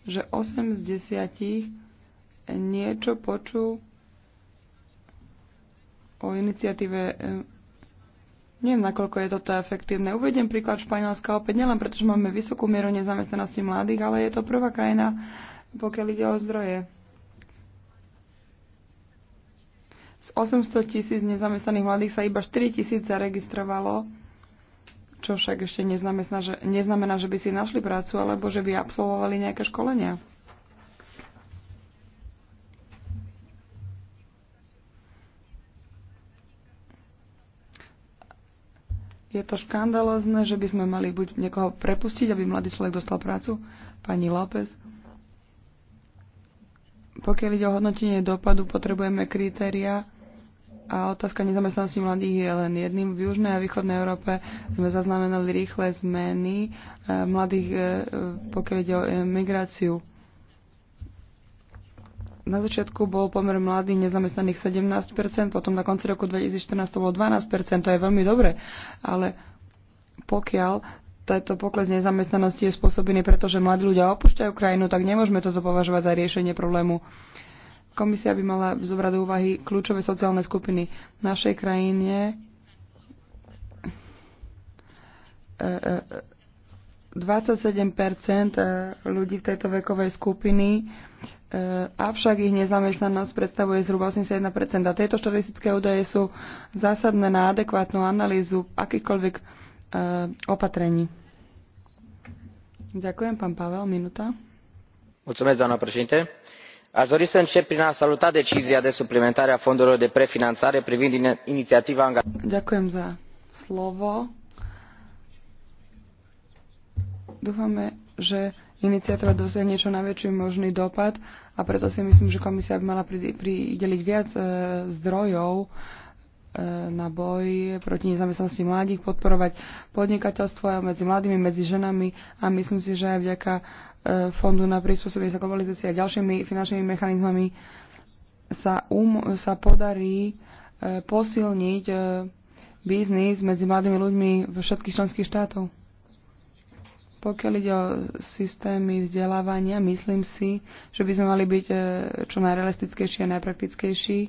že 8 z 10 niečo počul o iniciatíve e, Neviem, nakoľko je toto efektívne. Uvediem príklad Španielska opäť nielen preto, že máme vysokú mieru nezamestnanosti mladých, ale je to prvá krajina, pokiaľ ide o zdroje. Z 800 tisíc nezamestnaných mladých sa iba 4 tisíc zaregistrovalo, čo však ešte neznamená že, neznamená, že by si našli prácu alebo že by absolvovali nejaké školenia. Je to škandalozne, že by sme mali buď niekoho prepustiť, aby mladý človek dostal prácu, pani López. Pokiaľ ide o hodnotenie dopadu, potrebujeme kritéria a otázka nezamestnanosti mladých je len jedným. V Južnej a Východnej Európe sme zaznamenali rýchle zmeny eh, mladých, eh, pokiaľ ide o migráciu na začiatku bol pomer mladých nezamestnaných 17%, potom na konci roku 2014 to bolo 12%, to je veľmi dobre, ale pokiaľ tento pokles nezamestnanosti je spôsobený, pretože mladí ľudia opúšťajú krajinu, tak nemôžeme toto považovať za riešenie problému. Komisia by mala zobrať do úvahy kľúčové sociálne skupiny v našej krajine. E, e, e 27 eh, ľudí v tejto vekovej skupiny, eh, avšak ich nezamestnanosť predstavuje zhruba 81 A tieto štatistické údaje sú zásadné na adekvátnu analýzu akýchkoľvek eh, opatrení. Ďakujem, pán Pavel, minúta. Mulțumesc, doamna președinte. Aș dori să încep prin a saluta decizia de suplimentare a fondurilor de prefinanțare privind inițiativa angajată. Ďakujem za slovo Dúfame, že iniciatíva dosiahne na väčší možný dopad a preto si myslím, že komisia by mala prideliť viac e, zdrojov e, na boj proti nezamestnanosti mladých, podporovať podnikateľstvo medzi mladými, medzi ženami a myslím si, že aj vďaka e, Fondu na prispôsobenie sa globalizácii a ďalšími finančnými mechanizmami sa, um, sa podarí posilniť biznis medzi mladými ľuďmi vo všetkých členských štátov. Pokiaľ ide o systémy vzdelávania, myslím si, že by sme mali byť e, čo najrealistickejší a najpraktickejší.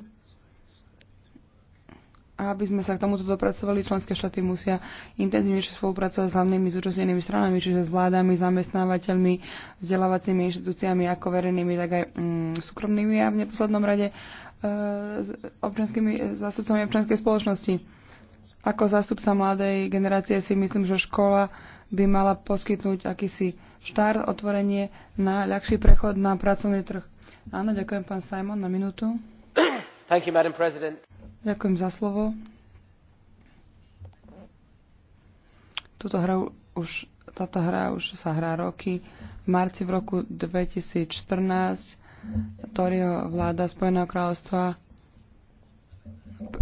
A aby sme sa k tomuto dopracovali, členské štáty musia intenzívnejšie spolupracovať s hlavnými zúčastnenými stranami, čiže s vládami, zamestnávateľmi, vzdelávacími inštitúciami, ako verejnými, tak aj mm, súkromnými a v neposlednom rade e, s občanskými e, zástupcami občianskej spoločnosti. Ako zástupca mladej generácie si myslím, že škola by mala poskytnúť akýsi štart, otvorenie na ľahší prechod na pracovný trh. Áno, ďakujem pán Simon na minútu. Thank you, Madam President. Ďakujem za slovo. Tuto hra už, táto hra už sa hrá roky. V marci v roku 2014 Torio vláda Spojeného kráľovstva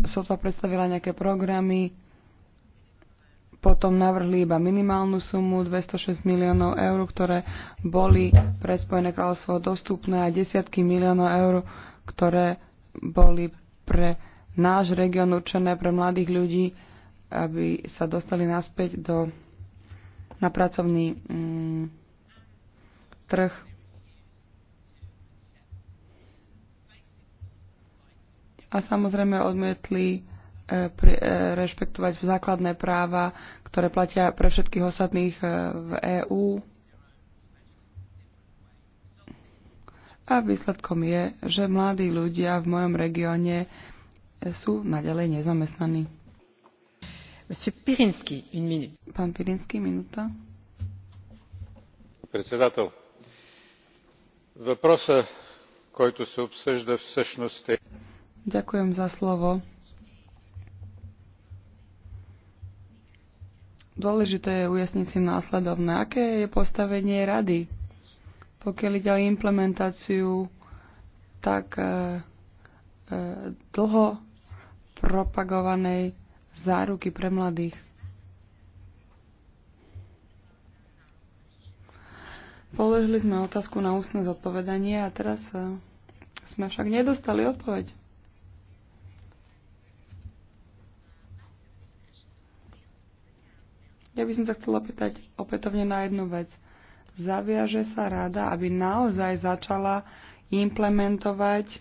sotva predstavila nejaké programy, potom navrhli iba minimálnu sumu 206 miliónov eur, ktoré boli pre Spojené kráľovstvo dostupné a desiatky miliónov eur, ktoré boli pre náš región určené pre mladých ľudí, aby sa dostali naspäť do, na pracovný mm, trh. A samozrejme odmietli E, e, rešpektovať základné práva, ktoré platia pre všetkých ostatných e, v EÚ. A výsledkom je, že mladí ľudia v mojom regióne sú naďalej nezamestnaní. Pirinsky, Pán Pirinsky, minúta. Председател, въпросът, който се обсъжда v sešnosti. Ďakujem za slovo Dôležité je ujasniť si následovné. Aké je postavenie rady, pokiaľ ide o implementáciu tak e, e, dlho propagovanej záruky pre mladých? Položili sme otázku na ústne zodpovedanie a teraz e, sme však nedostali odpoveď. Ja by som sa chcela pýtať opätovne na jednu vec. Zaviaže sa rada, aby naozaj začala implementovať e,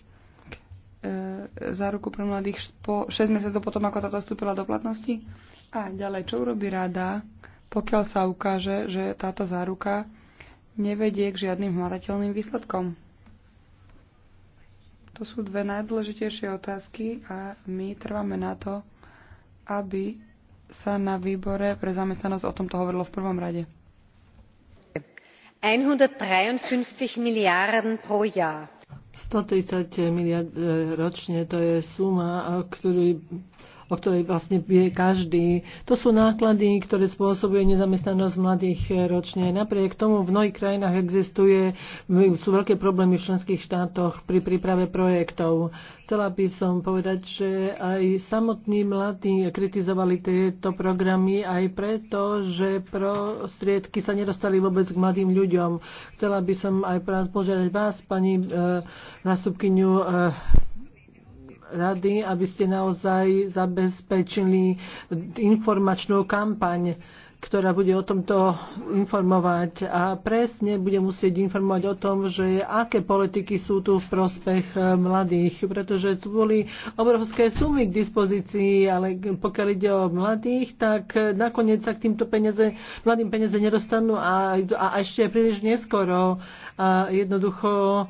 záruku pre mladých po 6 mesiacov potom, ako táto vstúpila do platnosti? A ďalej, čo urobí rada, pokiaľ sa ukáže, že táto záruka nevedie k žiadnym hmatateľným výsledkom? To sú dve najdôležitejšie otázky a my trváme na to, aby sa na výbore pre zamestnanosť o tomto hovorilo v prvom rade. one 153 miliárd pro jaar. 130 miliard e, ročne to je suma, ktorú o ktorej vlastne vie každý. To sú náklady, ktoré spôsobuje nezamestnanosť mladých ročne. Napriek tomu v mnohých krajinách existuje, sú veľké problémy v členských štátoch pri príprave projektov. Chcela by som povedať, že aj samotní mladí kritizovali tieto programy aj preto, že prostriedky sa nedostali vôbec k mladým ľuďom. Chcela by som aj požiadať vás, pani e, eh, nástupkyňu e, eh, rady, aby ste naozaj zabezpečili informačnú kampaň ktorá bude o tomto informovať a presne bude musieť informovať o tom, že aké politiky sú tu v prospech eh, mladých, pretože tu boli obrovské sumy k dispozícii, ale pokiaľ ide o mladých, tak eh, nakoniec sa k týmto peniaze, mladým peniaze nedostanú a, a ešte príliš neskoro. A jednoducho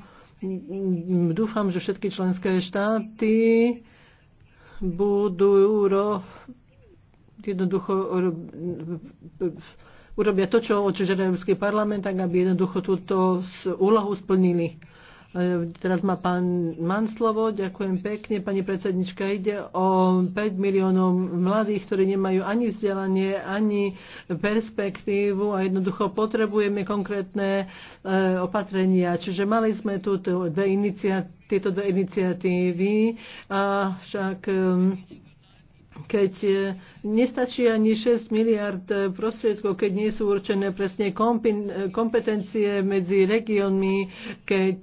dúfam, že všetky členské štáty budú ro, jednoducho urobia to, čo očiže Európsky parlament, tak aby jednoducho túto úlohu splnili. E, teraz má pán Manslovo. slovo. Ďakujem pekne, pani predsednička. Ide o 5 miliónov mladých, ktorí nemajú ani vzdelanie, ani perspektívu a jednoducho potrebujeme konkrétne e, opatrenia. Čiže mali sme tu dve iniciat- tieto dve iniciatívy, avšak keď e, nestačí ani 6 miliard e, prostriedkov, keď nie sú určené presne e, kompetencie medzi regiónmi, keď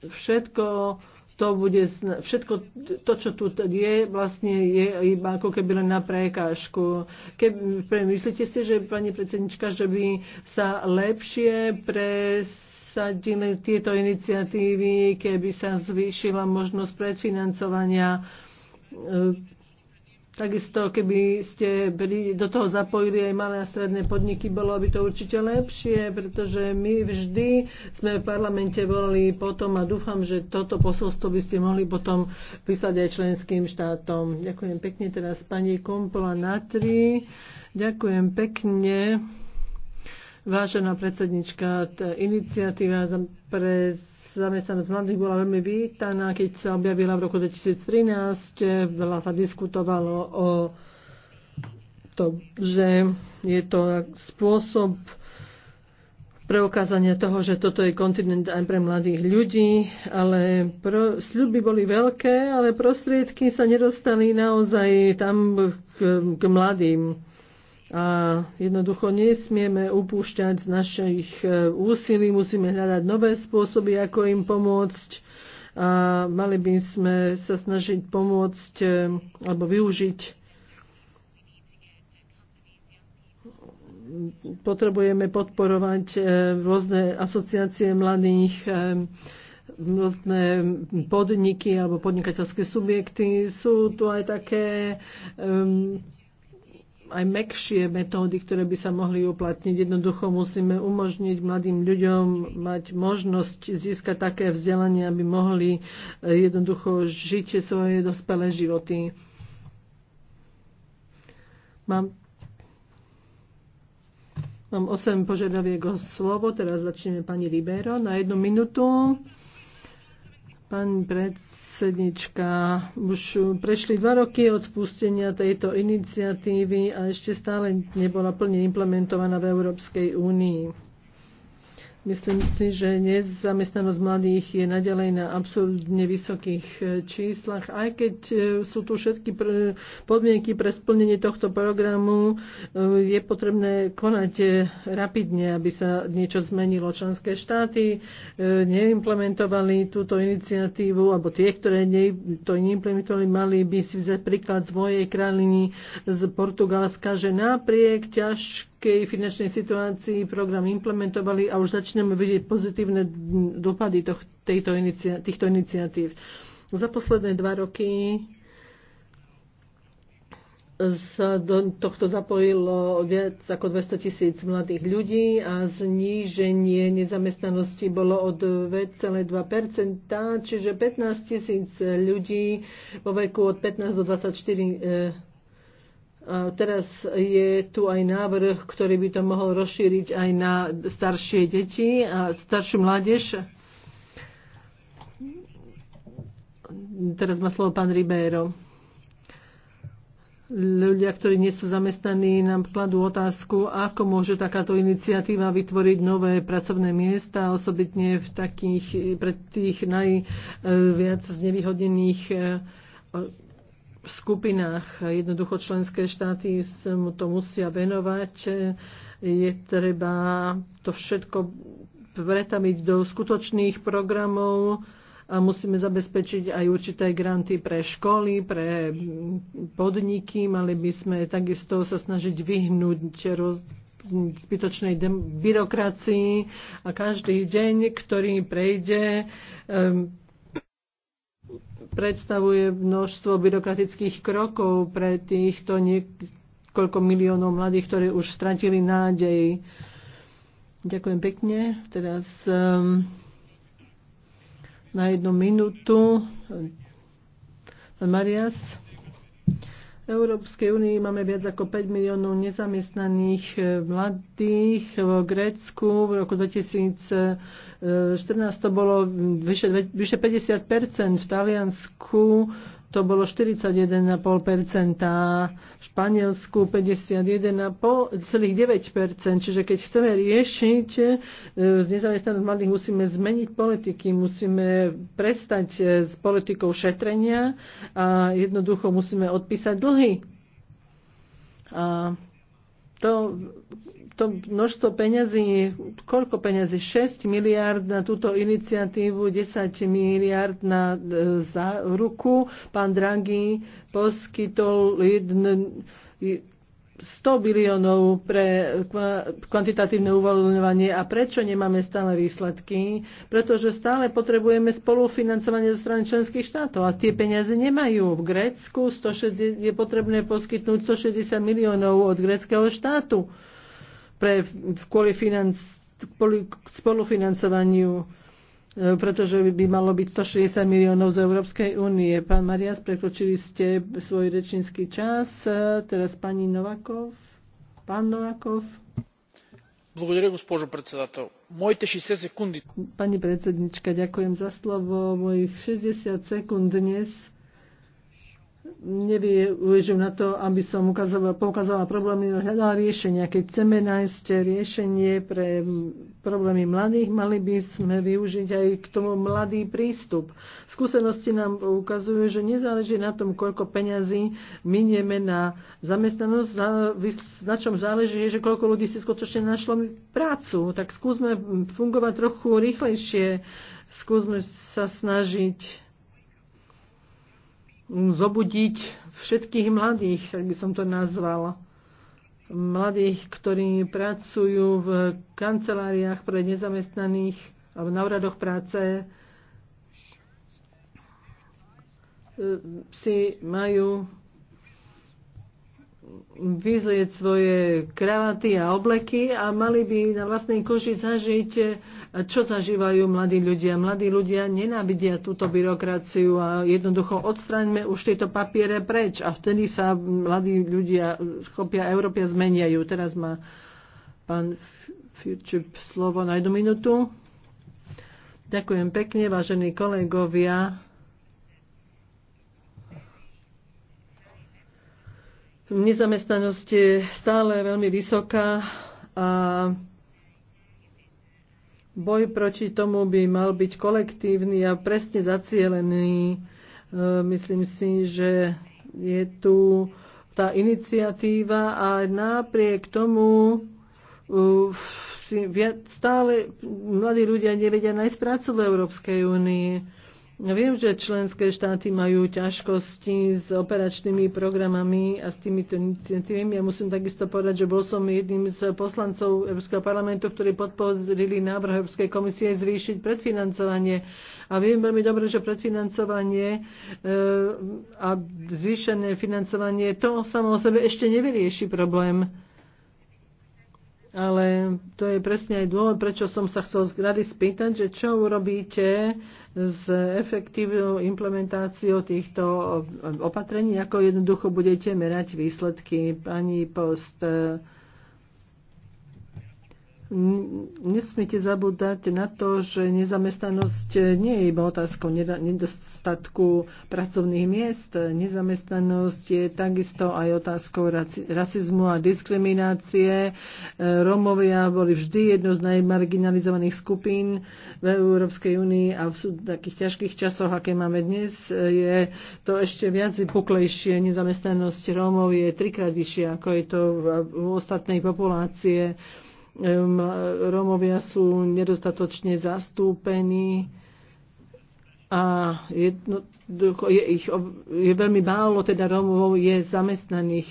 všetko to bude, všetko to, čo tu je, vlastne je iba ako keby len na prekážku. Keby, myslíte si, že pani predsednička, že by sa lepšie presadili tieto iniciatívy, keby sa zvýšila možnosť predfinancovania E, takisto, keby ste byli, do toho zapojili aj malé a stredné podniky, bolo by to určite lepšie, pretože my vždy sme v parlamente volili potom a dúfam, že toto posolstvo by ste mohli potom písať aj členským štátom. Ďakujem pekne teraz pani Kompola Natri. Ďakujem pekne. Vážená predsednička, iniciatíva pre zamestnanosť mladých bola veľmi vítaná, keď sa objavila v roku 2013. Veľa sa diskutovalo o to, že je to spôsob preukázania toho, že toto je kontinent aj pre mladých ľudí, ale pro, sľuby boli veľké, ale prostriedky sa nedostali naozaj tam k, k mladým a jednoducho nesmieme upúšťať z našich e, úsilí, musíme hľadať nové spôsoby, ako im pomôcť a mali by sme sa snažiť pomôcť e, alebo využiť potrebujeme podporovať e, rôzne asociácie mladých, rôzne podniky alebo podnikateľské subjekty. Sú tu aj také um, aj mekšie metódy, ktoré by sa mohli uplatniť. Jednoducho musíme umožniť mladým ľuďom mať možnosť získať také vzdelanie, aby mohli e, jednoducho žiť svoje dospelé životy. Mám, mám 8 požiadaviek o slovo. Teraz začneme pani Ribero na jednu minútu. Pán predsedajúci, predsednička. Už prešli dva roky od spustenia tejto iniciatívy a ešte stále nebola plne implementovaná v Európskej únii. Myslím si, že nezamestnanosť mladých je naďalej na absolútne vysokých e, číslach, aj keď e, sú tu všetky podmienky pre splnenie tohto programu, e, je potrebné konať rapidne, aby sa niečo zmenilo. Členské štáty neimplementovali túto iniciatívu, alebo tie, ktoré to neimplementovali, mali by si vziať príklad z mojej krajiny z Portugalska, že napriek ťažkým ťažkej finančnej situácii program implementovali a už začneme vidieť pozitívne dopady toh, tejto inicia, týchto iniciatív. Za posledné dva roky sa do tohto zapojilo viac ako 200 tisíc mladých ľudí a zníženie nezamestnanosti bolo o 2,2%, čiže 15 tisíc ľudí vo veku od 15 do 24 Teraz je tu aj návrh, ktorý by to mohol rozšíriť aj na staršie deti a staršiu mládež. Teraz má slovo pán Ribeiro. Ľudia, ktorí nie sú zamestnaní, nám kladú otázku, ako môže takáto iniciatíva vytvoriť nové pracovné miesta, osobitne v takých, pre tých najviac znevýhodnených v skupinách. Jednoducho členské štáty sa mu to musia venovať. Je treba to všetko pretaviť do skutočných programov a musíme zabezpečiť aj určité granty pre školy, pre podniky. Mali by sme takisto sa snažiť vyhnúť roz, zbytočnej byrokracii a každý deň, ktorý prejde, um, predstavuje množstvo byrokratických krokov pre týchto niekoľko miliónov mladých, ktorí už stratili nádej. Ďakujem pekne. Teraz um, na jednu minútu. Pán Marias. V Európskej únii máme viac ako 5 miliónov nezamestnaných eh, mladých. V Grécku v roku 2000 14 to bolo vyše, vyše 50 v Taliansku to bolo 41,5%, v Španielsku 51,9%. Čiže keď chceme riešiť e, nezamestnanosť mladých, musíme zmeniť politiky, musíme prestať e, s politikou šetrenia a jednoducho musíme odpísať dlhy. A to to množstvo peňazí, koľko peňazí? 6 miliard na túto iniciatívu, 10 miliard na e, ruku. Pán Draghi poskytol jedn, 100 biliónov pre kvantitatívne uvoľňovanie a prečo nemáme stále výsledky? Pretože stále potrebujeme spolufinancovanie zo strany členských štátov a tie peniaze nemajú. V Grécku 160, je potrebné poskytnúť 160 miliónov od gréckého štátu pre, kvôli, financ, spolufinancovaniu e, pretože by malo byť 160 miliónov z Európskej únie. Pán Marias, prekročili ste svoj rečnícky čas. E, teraz pani Novakov. Pán Novakov. Благодаря, госпожо председател. Моите 60 секунди... Pani predsednička, ďakujem za slovo. Mojich 60 sekúnd dnes nevyužijem na to, aby som ukazovala, poukazovala problémy, ale hľadala riešenia. Keď chceme nájsť riešenie pre problémy mladých, mali by sme využiť aj k tomu mladý prístup. Skúsenosti nám ukazujú, že nezáleží na tom, koľko peňazí minieme na zamestnanosť, na čom záleží že koľko ľudí si skutočne našlo prácu. Tak skúsme fungovať trochu rýchlejšie, skúsme sa snažiť zobudiť všetkých mladých, tak by som to nazval. Mladých, ktorí pracujú v kanceláriách pre nezamestnaných alebo na úradoch práce, e, si majú vyzlieť svoje kravaty a obleky a mali by na vlastnej koži zažiť, čo zažívajú mladí ľudia. Mladí ľudia nenávidia túto byrokraciu a jednoducho odstraňme už tieto papiere preč a vtedy sa mladí ľudia schopia Európia zmeniajú. Teraz má pán Firčip slovo na jednu minútu. Ďakujem pekne, vážení kolegovia Nezamestnanosť je stále veľmi vysoká a boj proti tomu by mal byť kolektívny a presne zacielený. E, myslím si, že je tu tá iniciatíva a napriek tomu e, si stále mladí ľudia nevedia nájsť prácu v Európskej únii Viem, že členské štáty majú ťažkosti s operačnými programami a s týmito iniciatívami. Ja musím takisto povedať, že bol som jedným z poslancov Európskeho parlamentu, ktorí podporili návrh Európskej komisie zvýšiť predfinancovanie. A viem veľmi dobre, že predfinancovanie e, a zvýšené financovanie to samo o sebe ešte nevyrieši problém ale to je presne aj dôvod, prečo som sa chcel z rady spýtať, že čo urobíte s efektívnou implementáciou týchto opatrení, ako jednoducho budete merať výsledky. Pani Post, nesmiete zabúdať na to, že nezamestnanosť nie je iba otázkou nedostatku pracovných miest. Nezamestnanosť je takisto aj otázkou rasizmu a diskriminácie. E, Rómovia boli vždy jednou z najmarginalizovaných skupín v Európskej únii a v takých ťažkých časoch, aké máme dnes, e, je to ešte viac vypuklejšie. Nezamestnanosť Rómov je trikrát vyššia, ako je to v ostatnej populácie. Rómovia sú nedostatočne zastúpení a jedno, je, ich, je veľmi málo teda Rómov je zamestnaných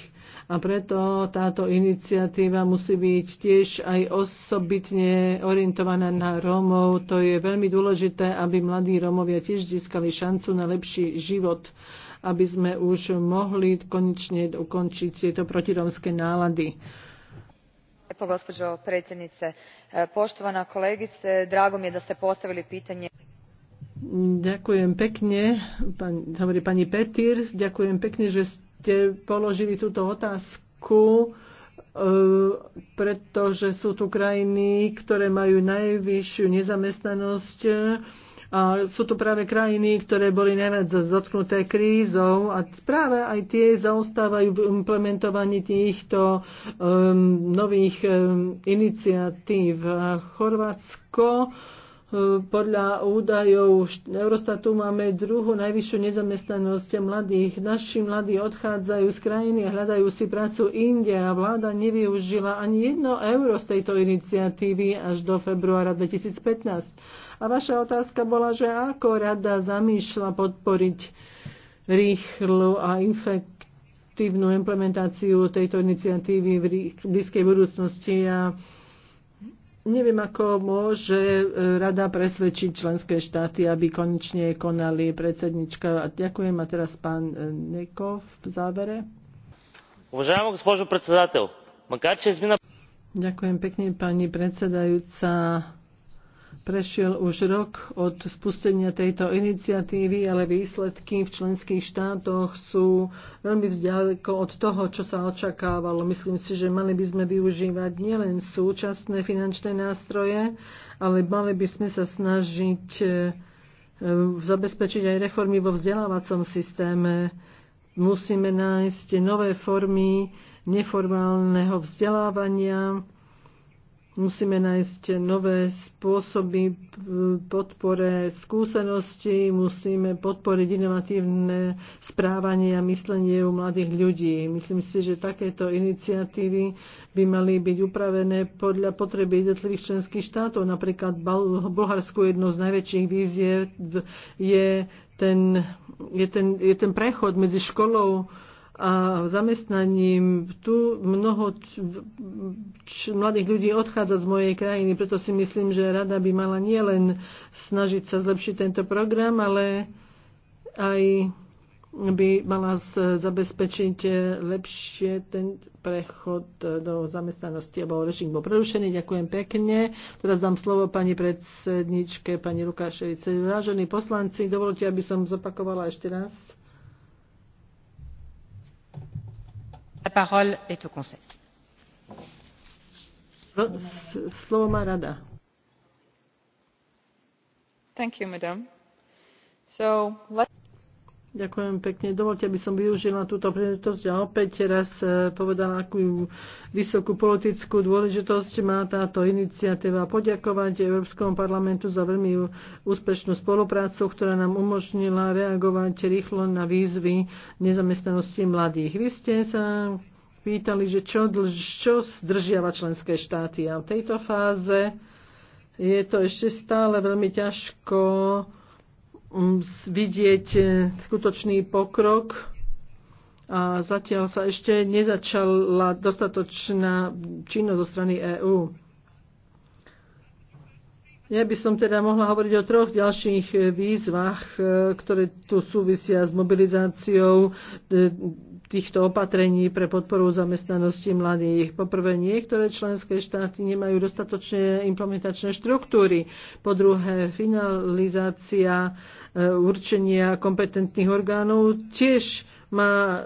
a preto táto iniciatíva musí byť tiež aj osobitne orientovaná na Rómov. To je veľmi dôležité, aby mladí Rómovia tiež získali šancu na lepší život, aby sme už mohli konečne ukončiť tieto protiromské nálady gospođo predsjednice poštovana kolegice drago mi je da ste postavili pitanje Ďakujem pekne, pani, hovorí pani Petír, ďakujem pekne, že ste položili túto otázku e, pretože sú tu krajiny, ktoré majú najvyššiu nezamestnanosť e, a sú tu práve krajiny, ktoré boli najviac dotknuté krízou a práve aj tie zaostávajú v implementovaní týchto um, nových um, iniciatív. Chorvátsko um, podľa údajov Eurostatu máme druhú najvyššiu nezamestnanosť mladých. Naši mladí odchádzajú z krajiny a hľadajú si prácu inde a vláda nevyužila ani jedno euro z tejto iniciatívy až do februára 2015. A vaša otázka bola, že ako rada zamýšľa podporiť rýchlu a efektívnu implementáciu tejto iniciatívy v blízkej budúcnosti. A ja Neviem, ako môže e, rada presvedčiť členské štáty, aby konečne konali predsednička. A ďakujem a teraz pán e, Nekov v závere. Уважаема gospodžu predsedateľ. Ďakujem pekne, pani predsedajúca Prešiel už rok od spustenia tejto iniciatívy, ale výsledky v členských štátoch sú veľmi vzdialeko od toho, čo sa očakávalo. Myslím si, že mali by sme využívať nielen súčasné finančné nástroje, ale mali by sme sa snažiť e, zabezpečiť aj reformy vo vzdelávacom systéme. Musíme nájsť nové formy neformálneho vzdelávania, Musíme nájsť nové spôsoby podpore skúsenosti, musíme podporiť inovatívne správanie a myslenie u mladých ľudí. Myslím si, že takéto iniciatívy by mali byť upravené podľa potreby jednotlivých členských štátov. Napríklad v Bulharsku jednou z najväčších víziev je ten, je, ten, je ten prechod medzi školou a zamestnaním. Tu mnoho č- č- mladých ľudí odchádza z mojej krajiny, preto si myslím, že rada by mala nielen snažiť sa zlepšiť tento program, ale aj by mala zabezpečiť lepšie ten prechod do zamestnanosti, alebo rečník bol prerušený. Ďakujem pekne. Teraz dám slovo pani predsedničke, pani Lukáševice. Vážení poslanci, dovolte, aby som zopakovala ešte raz La parole est au Conseil. No, slovo má rada. Thank you, madam. So, let... Ďakujem pekne. Dovolte, aby som využila túto príležitosť a opäť raz e, povedala, akú vysokú politickú dôležitosť má táto iniciatíva. Poďakovať Európskom parlamentu za veľmi úspešnú spoluprácu, ktorá nám umožnila reagovať rýchlo na výzvy nezamestnanosti mladých. Vy ste sa pýtali, že čo, čo zdržiava členské štáty a v tejto fáze je to ešte stále veľmi ťažko vidieť e, skutočný pokrok a zatiaľ sa ešte nezačala dostatočná činnosť zo strany EÚ. Ja by som teda mohla hovoriť o troch ďalších e, výzvach, e, ktoré tu súvisia s mobilizáciou týchto opatrení pre podporu zamestnanosti mladých. Poprvé, niektoré členské štáty nemajú dostatočné implementačné štruktúry. Po druhé, finalizácia e, určenia kompetentných orgánov tiež má e,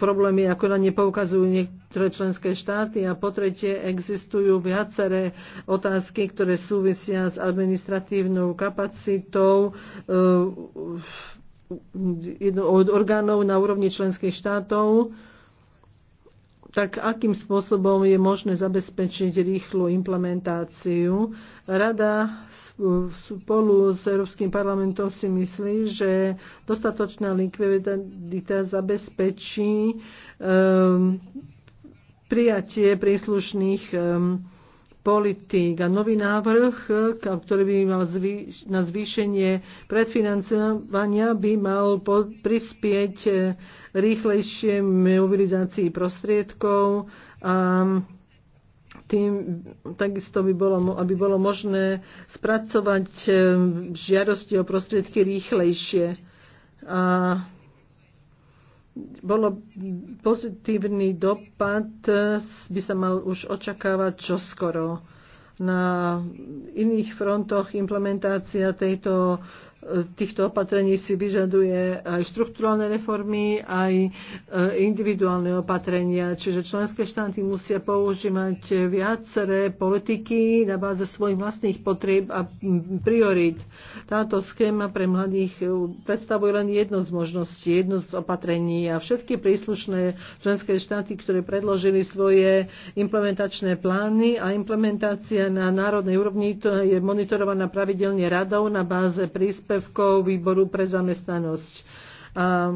problémy, ako na ne poukazujú niektoré členské štáty a po tretie existujú viaceré otázky, ktoré súvisia s administratívnou kapacitou e, od orgánov na úrovni členských štátov, tak akým spôsobom je možné zabezpečiť rýchlu implementáciu. Rada spolu s Európskym parlamentom si myslí, že dostatočná likvidita zabezpečí um, prijatie príslušných um, politík a nový návrh, e, ktorý by mal zvýš- na zvýšenie predfinancovania, by mal prispieť e, rýchlejšie mobilizácii prostriedkov a tým takisto by bolo, aby bolo možné spracovať e, žiadosti o prostriedky rýchlejšie. A bolo pozitívny dopad, by sa mal už očakávať čoskoro. Na iných frontoch implementácia tejto týchto opatrení si vyžaduje aj štruktúrálne reformy, aj e, individuálne opatrenia. Čiže členské štáty musia používať viaceré politiky na báze svojich vlastných potrieb a priorít. Táto schéma pre mladých e, predstavuje len jedno z možností, jedno z opatrení a všetky príslušné členské štáty, ktoré predložili svoje implementačné plány a implementácia na národnej úrovni to je monitorovaná pravidelne radou na báze príspevkov príspevkov výboru pre zamestnanosť. A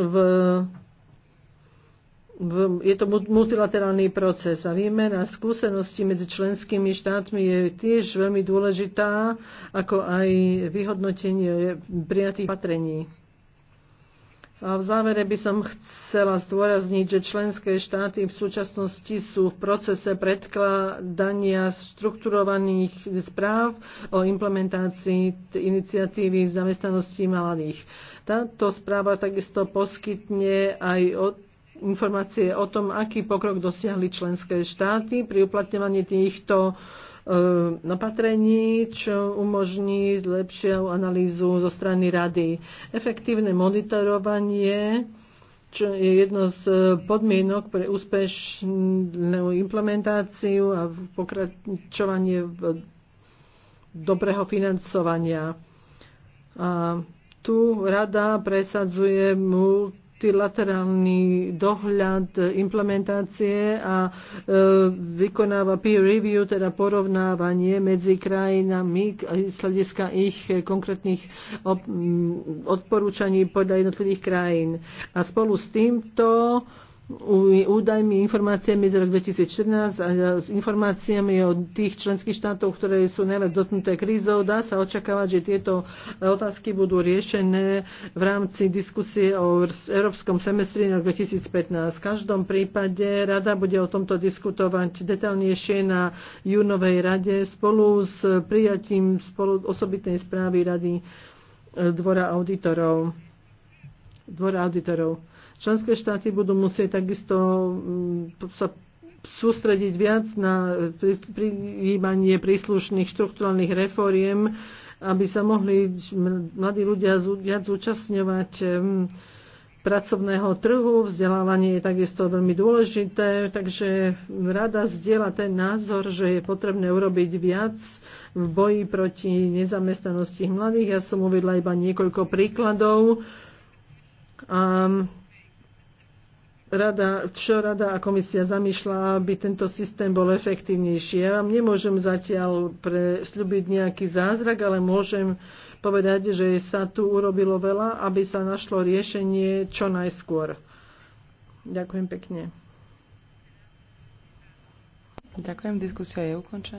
v, v, je to multilaterálny proces a výmena skúseností medzi členskými štátmi je tiež veľmi dôležitá, ako aj vyhodnotenie prijatých patrení. A v závere by som chcela zdôrazniť, že členské štáty v súčasnosti sú v procese predkladania štrukturovaných správ o implementácii iniciatívy v zamestnanosti mladých. Táto správa takisto poskytne aj od informácie o tom, aký pokrok dosiahli členské štáty pri uplatňovaní týchto opatrení, e, čo umožní lepšiu analýzu zo strany rady. Efektívne monitorovanie čo je jedno z podmienok pre úspešnú implementáciu a pokračovanie v dobrého financovania. A tu rada presadzuje mu multilaterálny dohľad e, implementácie a e, vykonáva peer review, teda porovnávanie medzi krajinami z hľadiska ich e, konkrétnych odporúčaní podľa jednotlivých krajín. A spolu s týmto údajmi, informáciami z roku 2014 a s informáciami od tých členských štátov, ktoré sú najviac dotknuté krízou. Dá sa očakávať, že tieto e, otázky budú riešené v rámci diskusie o Európskom semestri na 2015. V každom prípade rada bude o tomto diskutovať detaľnejšie na júnovej rade spolu s prijatím spolu osobitnej správy rady e, Dvora auditorov. Dvora auditorov Členské štáty budú musieť takisto mm, sa sústrediť viac na prijímanie príslušných štruktúrnych reforiem, aby sa mohli mladí ľudia viac zúčastňovať mm, pracovného trhu. Vzdelávanie je takisto veľmi dôležité, takže rada zdieľa ten názor, že je potrebné urobiť viac v boji proti nezamestnanosti mladých. Ja som uvedla iba niekoľko príkladov. A rada, čo rada a komisia zamýšľa, aby tento systém bol efektívnejší. Ja vám nemôžem zatiaľ presľubiť nejaký zázrak, ale môžem povedať, že sa tu urobilo veľa, aby sa našlo riešenie čo najskôr. Ďakujem pekne. Ďakujem, diskusia je ukončená.